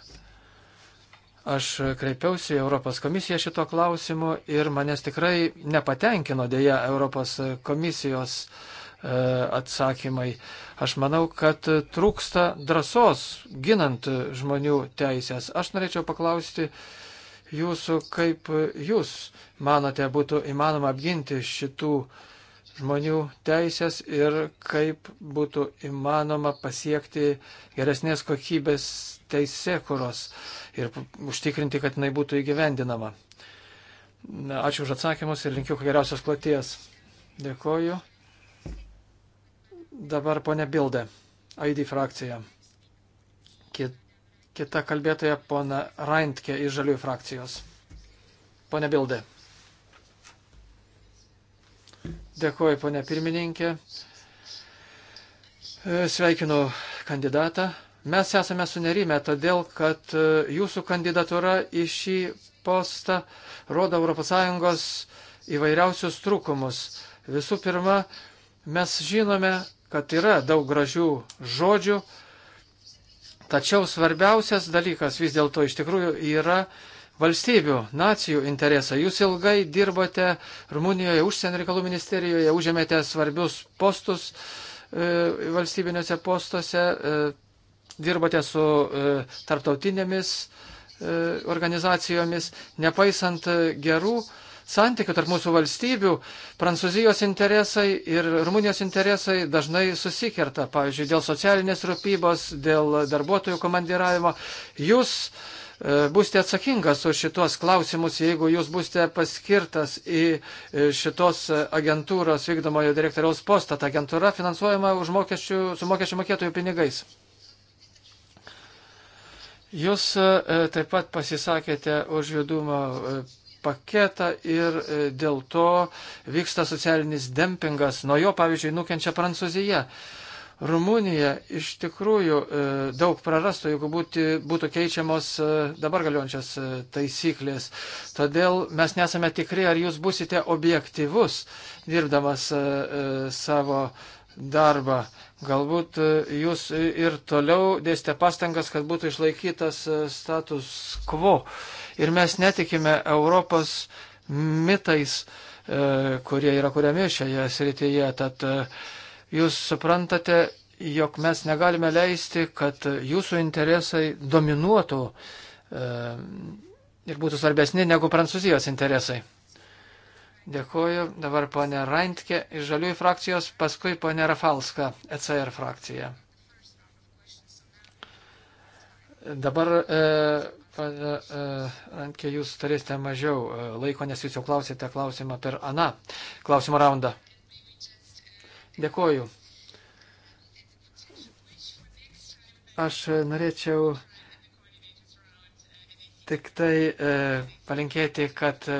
Aš kreipiausi į Europos komisiją šito klausimu ir manęs tikrai nepatenkino dėja Europos komisijos e, atsakymai. Aš manau, kad trūksta drąsos ginant žmonių teisės. Aš norėčiau paklausti jūsų, kaip jūs manote būtų įmanoma apginti šitų uh, žmonių teisės ir kaip būtų įmanoma pasiekti geresnės kokybės teisėkuros ir užtikrinti, kad jinai būtų įgyvendinama. Na, ačiū už atsakymus ir linkiu geriausios kloties. Dėkoju. Dabar ponė Bildė, ID frakcija. Kita kalbėtoja, pona Raintke iš Žaliųjų frakcijos. Pone Bildė. Dėkuoju, ponė pirmininkė. E, sveikinu kandidatą. Mes esame sunerime, todėl kad e, jūsų kandidatūra į šį postą rodo ES įvairiausius trūkumus. Visų pirma, mes žinome, kad yra daug gražių žodžių, tačiau svarbiausias dalykas vis dėlto iš tikrųjų yra valstybių, nacijų interesą. Jūs ilgai dirbote Rumunijoje, užsienio reikalų ministerijoje, užėmėte svarbius postus e, valstybinėse postuose, e, dirbote su e, tarptautinėmis e, organizacijomis, nepaisant gerų santykių tarp mūsų valstybių, Prancūzijos interesai ir Rumunijos interesai dažnai susikerta, pavyzdžiui, dėl socialinės rūpybos, dėl darbuotojų komandiravimo. Jūs uh, E, būsite atsakingas už šitos klausimus, jeigu jūs būsite paskirtas į e, šitos agentūros vykdomojo direktoriaus postą. Ta agentūra finansuojama mokesčių, su mokesčių mokėtojų pinigais. Jūs e, taip pat pasisakėte už judumo paketą ir dėl to vyksta socialinis dempingas. Nuo jo, pavyzdžiui, nukenčia Prancūzija. Rumunija iš tikrųjų e, daug prarastų, jeigu būti, būtų keičiamos e, dabar galiojančias e, taisyklės. Todėl mes nesame tikri, ar jūs busite objektivus dirbdamas savo darbą. Galbūt jūs ir toliau dėsite pastangas, kad būtų išlaikytas status quo. Ir mes netikime Europos mitais, kurie yra kuriami šioje srityje. Tad, uh, jūs suprantate, jog mes negalime leisti, kad jūsų interesai dominuotų e, ir būtų svarbesni negu Prancūzijos interesai. Dėkuoju. Dabar ponė Raintke iš Žaliųjų frakcijos, paskui ponė Rafalska, ECR frakcija. Dabar, e, ponė e, Raintke, jūs turėsite mažiau e, laiko, nes jūs jau klausėte klausimą per aną klausimų raundą. Dėkoju. Aš norėčiau tik tai e, palinkėti, kad e,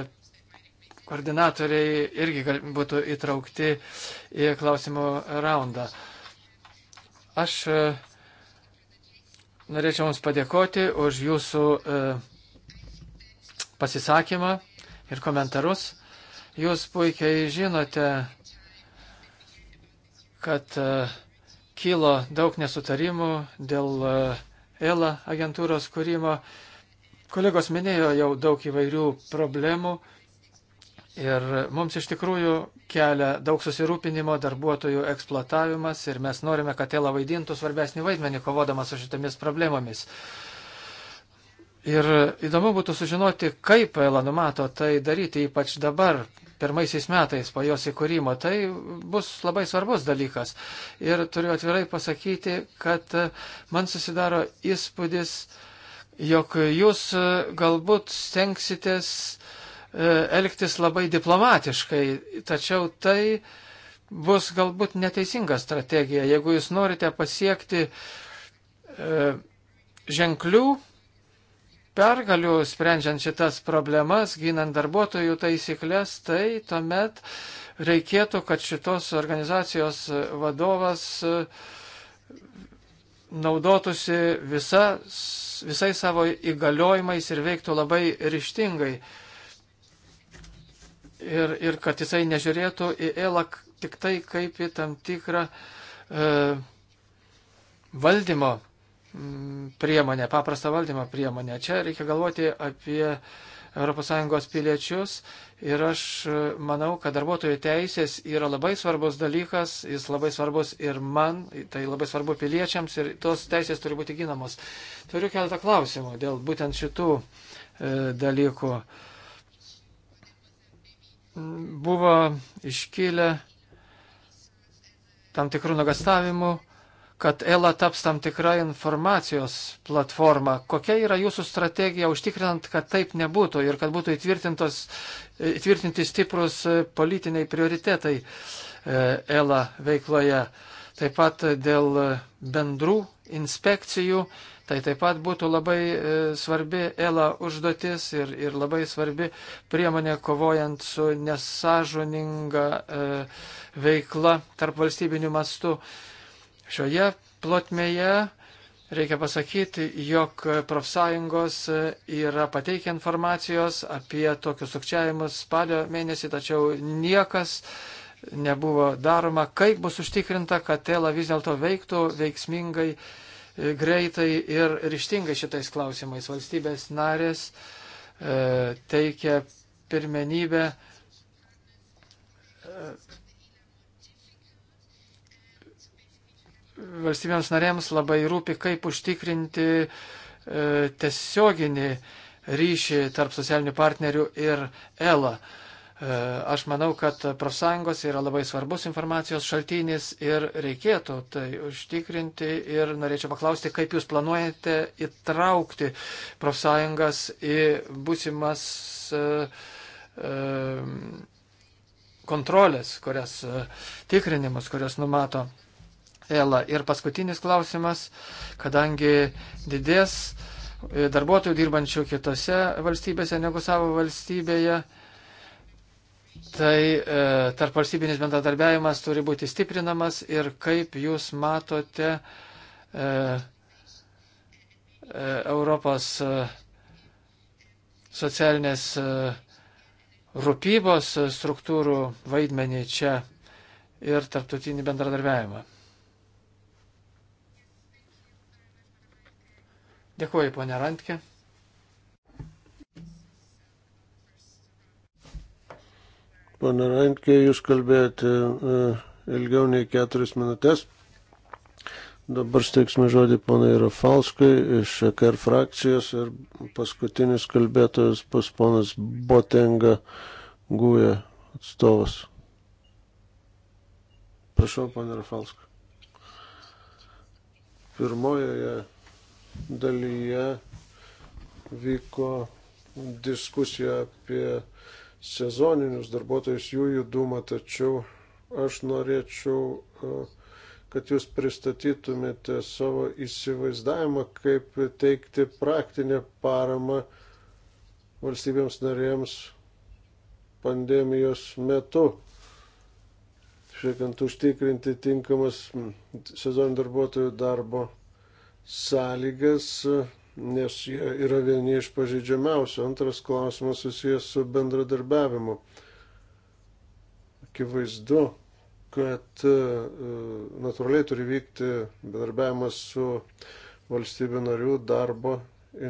koordinatoriai irgi gal, būtų įtraukti į klausimų raundą. Aš e, norėčiau Jums padėkoti už Jūsų e, pasisakymą ir komentarus. Jūs puikiai žinote, kad e, kilo daug nesutarimų dėl e, ELA agentūros kūrimo. Kolegos minėjo jau daug įvairių problemų ir mums iš tikrųjų kelia daug susirūpinimo darbuotojų eksploatavimas ir mes norime, kad ELA vaidintų svarbesnį vaidmenį kovodama su šitomis problemomis. Ir įdomu būtų sužinoti, kaip ELA numato tai daryti, ypač dabar, pirmaisiais metais po jos įkūrimo. Tai bus labai svarbus dalykas. Ir turiu atvirai pasakyti, kad man susidaro įspūdis, jog jūs e, galbūt stengsitės e, elgtis labai diplomatiškai, tačiau tai bus galbūt neteisinga strategija. Jeigu jūs norite pasiekti e, ženklių pergalių sprendžiant šitas problemas, ginant darbuotojų taisyklės, tai tuomet reikėtų, kad šitos organizacijos vadovas e, naudotųsi visa, visai savo įgaliojimais ir veiktų labai ryštingai. Ir, ir kad jisai nežiūrėtų į ELAK tik tai kaip į tam tikrą e, valdymo Mm, priemonė, paprastą valdymo priemonė. Čia reikia galvoti apie ES piliečius ir aš e, manau, kad darbuotojų teisės yra labai svarbus dalykas, jis labai svarbus ir man, tai labai svarbu piliečiams ir tos teisės turi būti ginamos. Turiu keletą klausimų dėl būtent šitų e, dalykų. Mm, buvo iškilę tam tikrų nugastavimų kad ELA taps tam tikra informacijos platforma. Kokia yra jūsų strategija užtikrinant, kad taip nebūtų ir kad būtų įtvirtinti stiprus politiniai prioritetai e, ELA veikloje? Taip pat dėl bendrų inspekcijų, tai taip pat būtų labai e, svarbi ELA užduotis ir, ir labai svarbi priemonė kovojant su nesažoninga e, veikla tarp valstybinių mastų. Šioje plotmėje reikia pasakyti, jog profsąjungos yra pateikę informacijos apie tokius sukčiavimus spalio mėnesį, tačiau niekas nebuvo daroma, kaip bus užtikrinta, kad tela vis dėlto veiktų veiksmingai, greitai ir ryštingai šitais klausimais. Valstybės narės e, teikia pirmenybę. E, valstybėms narėms labai rūpi, kaip užtikrinti e, tiesioginį ryšį tarp socialinių partnerių ir ELA. E, aš manau, kad profsąjungos yra labai svarbus informacijos šaltinis ir reikėtų tai užtikrinti ir norėčiau paklausti, kaip jūs planuojate įtraukti profsąjungas į būsimas e, e kontrolės, kurias e, tikrinimus, kurias numato ELA. Ir paskutinis klausimas, kadangi didės e, darbuotojų dirbančių kitose valstybėse negu savo valstybėje, tai e, tarp valstybinis bendradarbiavimas turi būti stiprinamas ir kaip jūs matote e, e, Europos e, socialinės e, rūpybos e, struktūrų vaidmenį čia ir tarptautinį bendradarbiavimą. Dėkuoju, ponė Rantke. Pane Rankė, jūs kalbėjote e, ilgiau nei keturias minutės. Dabar steiksime žodį ponai Rafalskui iš KR frakcijos ir paskutinis kalbėtojas pas ponas Botenga Gūja atstovas. Prašau, ponai Rafalskai. Pirmojoje dalyje vyko diskusija apie sezoninius darbuotojus, jų judumą, tačiau aš norėčiau, e, kad jūs pristatytumėte savo įsivaizdavimą, kaip teikti praktinę paramą valstybėms narėms pandemijos metu, siekiant užtikrinti tinkamas sezoninių darbuotojų darbo sąlygas, nes jie yra vieni iš pažeidžiamiausių. Antras klausimas susijęs su bendradarbiavimu. Akivaizdu, kad e, natūraliai turi vykti bendarbiavimas su valstybių narių darbo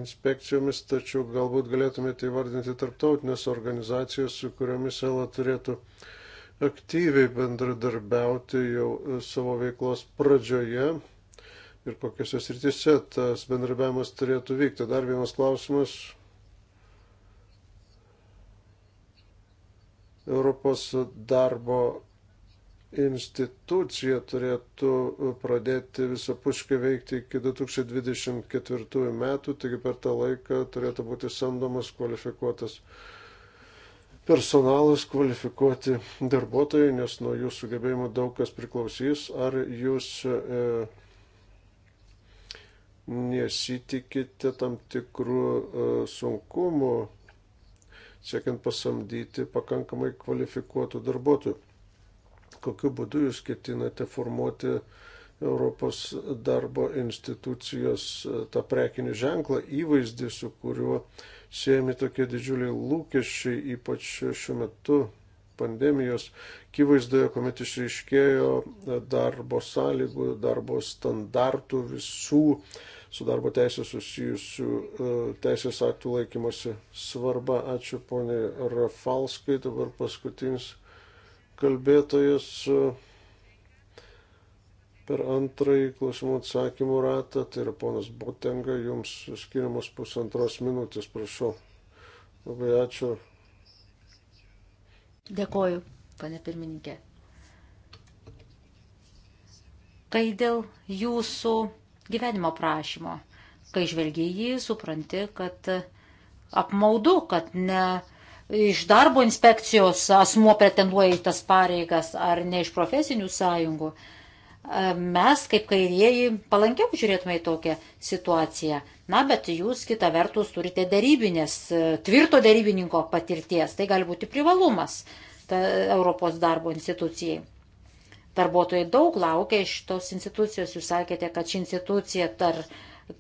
inspekcijomis, tačiau galbūt galėtumėte įvardinti tarptautinės organizacijas, su kuriomis ELA turėtų aktyviai bendradarbiauti jau e, savo veiklos pradžioje, ir kokiuose srityse tas bendrabiavimas turėtų vykti. Dar vienas klausimas. Europos darbo institucija turėtų pradėti visapuškai veikti iki 2024 metų, taigi per tą laiką turėtų būti samdomas kvalifikuotas personalas, kvalifikuoti darbuotojai, nes nuo jų sugebėjimų daug kas priklausys. Ar jūs e, nesitikite tam tikrų e, sunkumų, siekiant pasamdyti pakankamai kvalifikuotų darbuotojų. Kokiu būdu jūs ketinate formuoti Europos darbo institucijos e, tą prekinį ženklą, įvaizdį, su kuriuo siejami tokie didžiuliai lūkesčiai, ypač šiuo metu pandemijos kivaizdoje, kuomet išryškėjo darbo sąlygų, darbo standartų visų su darbo teisė susijusių e, teisės aktų laikymosi svarba. Ačiū poniai Rafalskai, dabar paskutinis kalbėtojas e, per antrąjį klausimų atsakymų ratą, tai yra ponas Botenga, jums skiriamos pusantros minutės, prašau. Labai ačiū Dėkoju, pane pirmininkė. Kai dėl jūsų gyvenimo prašymo, kai žvelgiai jį, supranti, kad apmaudu, kad ne iš darbo inspekcijos asmuo pretenduoja į tas pareigas ar ne iš profesinių sąjungų mes kaip kairieji palankiau žiūrėtume į tokią situaciją. Na, bet jūs kitą vertus turite darybinės, e, tvirto darybininko patirties. Tai gali būti privalumas ta, Europos darbo institucijai. Darbuotojai daug laukia iš tos institucijos. Jūs sakėte, kad ši institucija tar,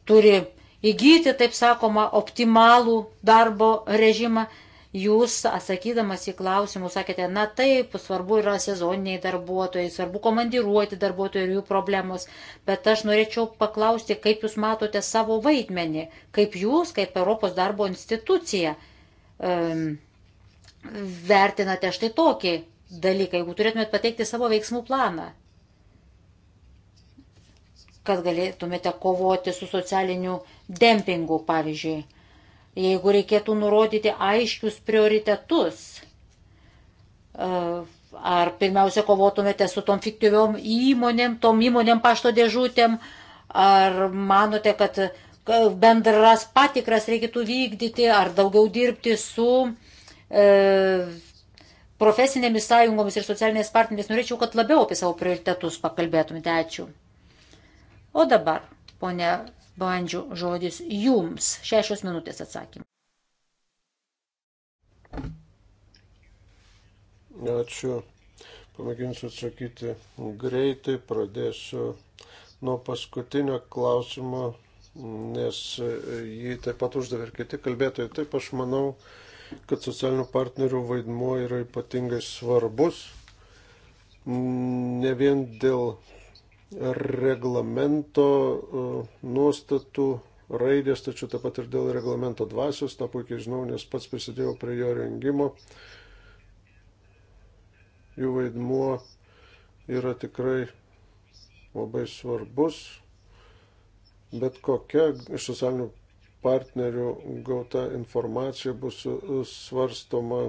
turi įgyti, taip sakoma, optimalų darbo režimą. Jūs atsakydamas į klausimus sakėte, na taip, svarbu yra sezoniniai darbuotojai, svarbu komandiruoti darbuotojai ir jų problemos, bet aš norėčiau paklausti, kaip jūs matote savo vaidmenį, kaip jūs, kaip Europos darbo institucija, um, vertinate štai tokį dalyką, jeigu turėtumėt pateikti savo veiksmų planą kad galėtumėte kovoti su socialiniu dempingu, pavyzdžiui jeigu reikėtų nurodyti aiškius prioritetus, e, ar pirmiausia kovotumėte su tom fiktyviom įmonėm, tom įmonėm pašto dėžutėm, ar manote, kad bendras patikras reikėtų vykdyti, ar daugiau dirbti su e, profesinėmis sąjungomis ir socialinės partneriais. Norėčiau, kad labiau apie savo prioritetus pakalbėtumėte. Ačiū. O dabar, ponia Bandžių žodis jums. Šešios minutės atsakymą. Ačiū. Pamėginsiu atsakyti greitai. Pradėsiu nuo paskutinio klausimo, nes jį taip pat uždavė ir kiti kalbėtojai. Taip aš manau, kad socialinių partnerių vaidmuo yra ypatingai svarbus. Ne vien dėl reglamento e, nuostatų raidės, tačiau taip pat ir dėl reglamento dvasios, tą puikiai žinau, nes pats prisidėjau prie jo rengimo. Jų vaidmuo yra tikrai labai svarbus. Bet kokia iš socialinių partnerių gauta informacija bus svarstoma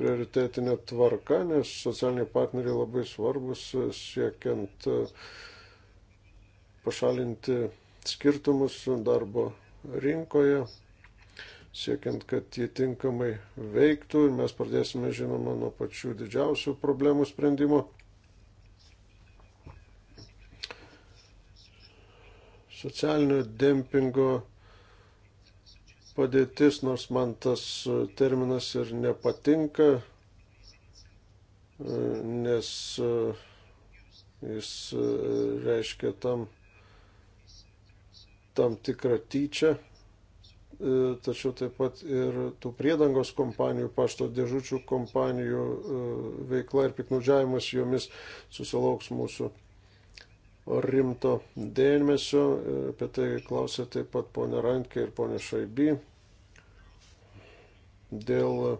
prioritetinė tvarka, nes socialiniai partneriai labai svarbus siekiant pašalinti skirtumus darbo rinkoje, siekiant, kad jie tinkamai veiktų ir mes pradėsime, žinoma, nuo pačių didžiausių problemų sprendimo. Socialinio dempingo padėtis, nors man tas terminas ir nepatinka, nes jis reiškia tam tam tikrą tyčią, e, tačiau taip pat ir tų priedangos kompanijų, pašto dėžučių kompanijų e, veikla ir piknaudžiavimas jomis susilauks mūsų rimto dėmesio. E, apie tai klausė taip pat ponė Rankė ir ponė Šaiby. Dėl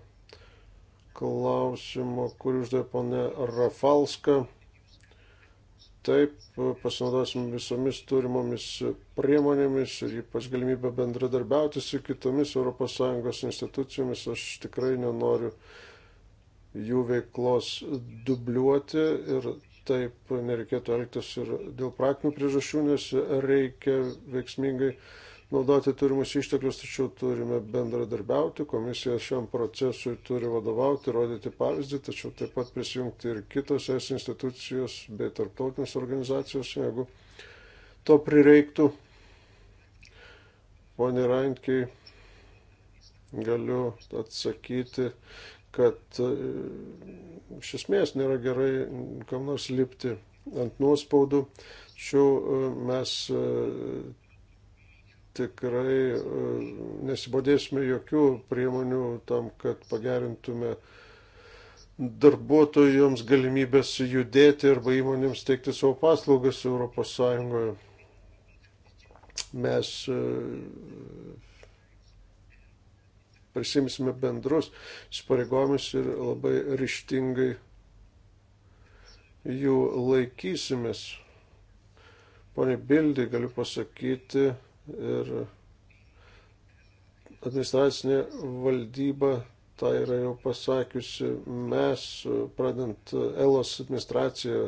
klausimo, kurį uždavė ponė Rafalska Taip, pasinaudosim visomis turimomis priemonėmis ir ypač galimybę bendradarbiauti su kitomis ES institucijomis. Aš tikrai nenoriu jų veiklos dubliuoti ir taip nereikėtų elgtis ir dėl praktinių priežasčių, nes reikia veiksmingai uh, naudoti turimus išteklius, tačiau turime bendradarbiauti. Komisija šiam procesui turi vadovauti, rodyti pavyzdį, tačiau taip pat prisijungti ir kitos es institucijos bei tarptautinės organizacijos, jeigu to prireiktų. Pone Rankiai, galiu atsakyti, kad e, iš esmės nėra gerai kam nors lipti ant nuospaudų, tačiau e, mes e, tikrai e, nesibodėsime jokių priemonių tam, kad pagerintume darbuotojams galimybės judėti arba įmonėms teikti savo paslaugas ES. Mes e, prisimsime bendrus spareigomis ir labai ryštingai jų laikysimės. Pone Bildi, galiu pasakyti, ir administracinė valdyba tą tai yra jau pasakiusi. Mes, pradant Elos administraciją,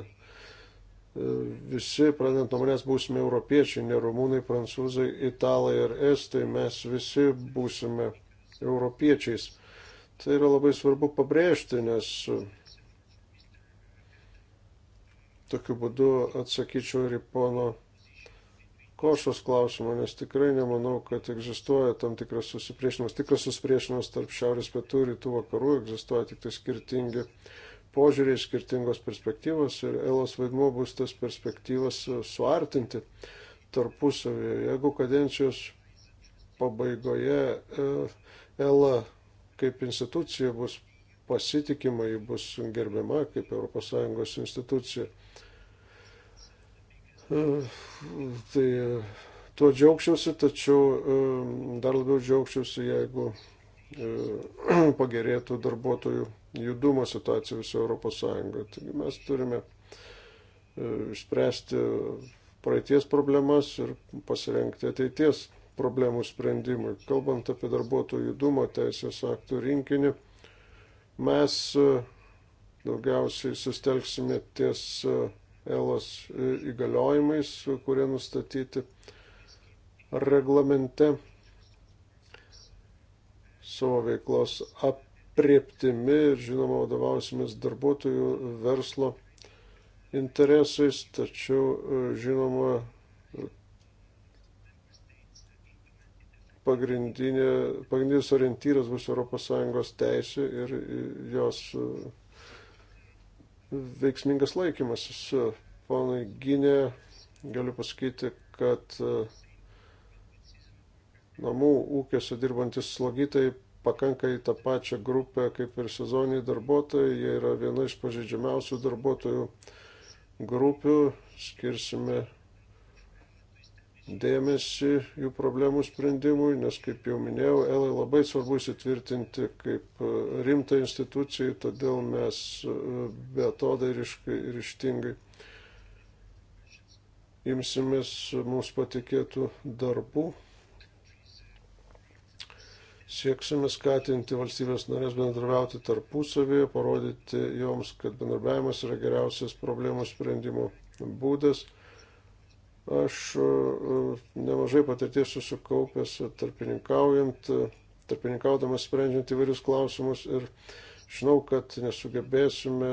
visi, pradant nuo manęs, būsime europiečiai, ne rumūnai, prancūzai, italai ir estai, mes visi būsime europiečiais. Tai yra labai svarbu pabrėžti, nes tokiu būdu atsakyčiau ir į pono košos klausimą, nes tikrai nemanau, kad egzistuoja tam tikras susipriešinimas. Tikras susipriešinimas tarp šiaurės pietų ir rytų vakarų egzistuoja tik tai skirtingi požiūriai, skirtingos perspektyvos ir Elos vaidmo bus tas perspektyvas suartinti tarpusavėje. Jeigu kadencijos pabaigoje e, Ela kaip institucija bus pasitikima, ji bus gerbiama kaip ES institucija Tai e, tuo džiaugčiausi, tačiau e, dar labiau džiaugčiausi, jeigu e, *clears throat* pagerėtų darbuotojų judumo situacija visoje Europos Sąjungoje. Taigi mes turime išspręsti praeities problemas ir pasirengti ateities problemų sprendimui. Kalbant apie darbuotojų judumo teisės aktų rinkinį, mes daugiausiai sustelksime ties ELOS e, įgaliojimais, kurie nustatyti reglamente savo veiklos aprieptimi ir žinoma vadovausimės darbuotojų verslo interesais, tačiau e, žinoma pagrindinis orientyras bus ES teisė ir e, jos veiksmingas laikymasis. Ponai Ginė, galiu pasakyti, kad e, namų ūkiuose dirbantis slogytai pakanka į tą pačią grupę kaip ir sezoniniai darbuotojai. Jie yra viena iš pažeidžiamiausių darbuotojų grupių. Skirsime dėmesį jų problemų sprendimui, nes, kaip jau minėjau, ELA labai svarbu įsitvirtinti kaip e, rimta institucijai, todėl mes e, betodairiškai ir ištingai imsimės mums patikėtų darbų. Sieksime skatinti valstybės narės bendradarbiauti tarpusavėje, parodyti joms, kad bendradarbiavimas yra geriausias problemų sprendimo būdas Aš e, e, nemažai patirties susikaupęs tarpininkaujant, e, tarpininkaudamas sprendžiant įvairius klausimus ir žinau, kad nesugebėsime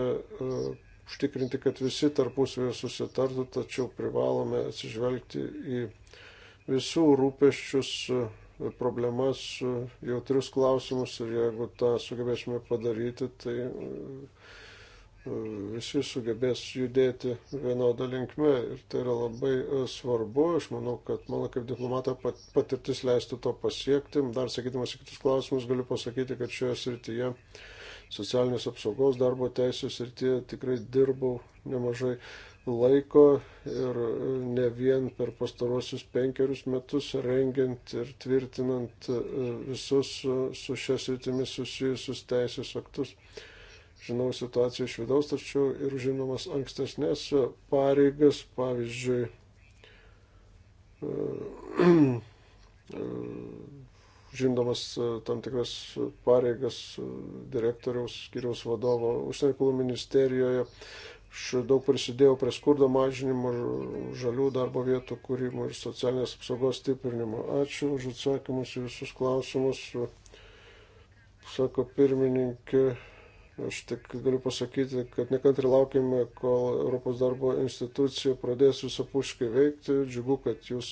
užtikrinti, kad visi tarpusvėje susitartų, tačiau privalome atsižvelgti į visų rūpeščius, problemas, jautrius klausimus ir jeigu tą sugebėsime padaryti, tai Ehm, visi sugebės judėti vienodą linkmę ir tai yra labai e, svarbu. Aš manau, kad mano kaip diplomato patirtis leistų to pasiekti. Dar sakydamas į kitus klausimus galiu pasakyti, kad šioje srityje socialinės apsaugos darbo teisės srityje tikrai dirbau nemažai laiko ir e, ne vien per pastarosius penkerius metus rengiant ir tvirtinant e, visus su šias rytimis susijusius teisės aktus žinau situaciją iš vidaus, tačiau ir žinomas ankstesnės pareigas, pavyzdžiui, *clears throat* žindamas tam tikras pareigas direktoriaus, skiriaus vadovo užsienio reikalų ministerijoje. Aš daug prisidėjau prie skurdo mažinimo, žalių darbo vietų kūrimo ir socialinės apsaugos stiprinimo. Ačiū už atsakymus į visus klausimus, sako pirmininkė. Aš tik galiu pasakyti, kad nekantri laukime, kol Europos darbo institucija pradės visapuškai veikti. Džiugu, kad jūs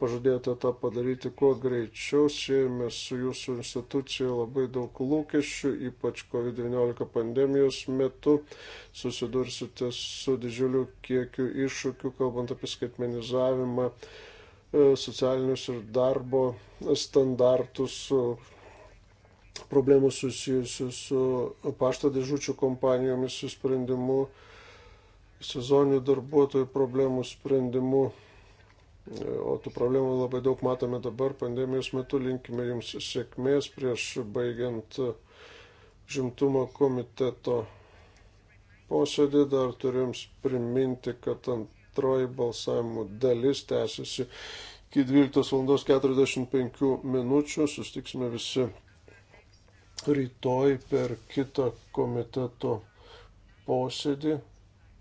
pažadėjote tą padaryti kuo greičiau. Siejame su jūsų institucija labai daug lūkesčių, ypač COVID-19 pandemijos metu. Susidursite su didžiuliu kiekiu iššūkių, kalbant apie skaitmenizavimą e, socialinius ir darbo standartus, problemų susijusių su pašto dėžučių kompanijomis, su sprendimu, sezoninių darbuotojų problemų sprendimu. E, o tų problemų labai daug matome dabar pandemijos metu. Linkime Jums sėkmės prieš baigiant žimtumo komiteto posėdį. Dar turim priminti, kad antroji balsavimų dalis tęsiasi iki 12.45 min. Sustiksime visi rytoj per kitą komiteto posėdį.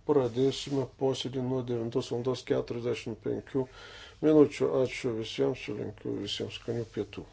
Pradėsime posėdį nuo 9.45 minučių. Ačiū visiems, linkiu visiems skanių pietų.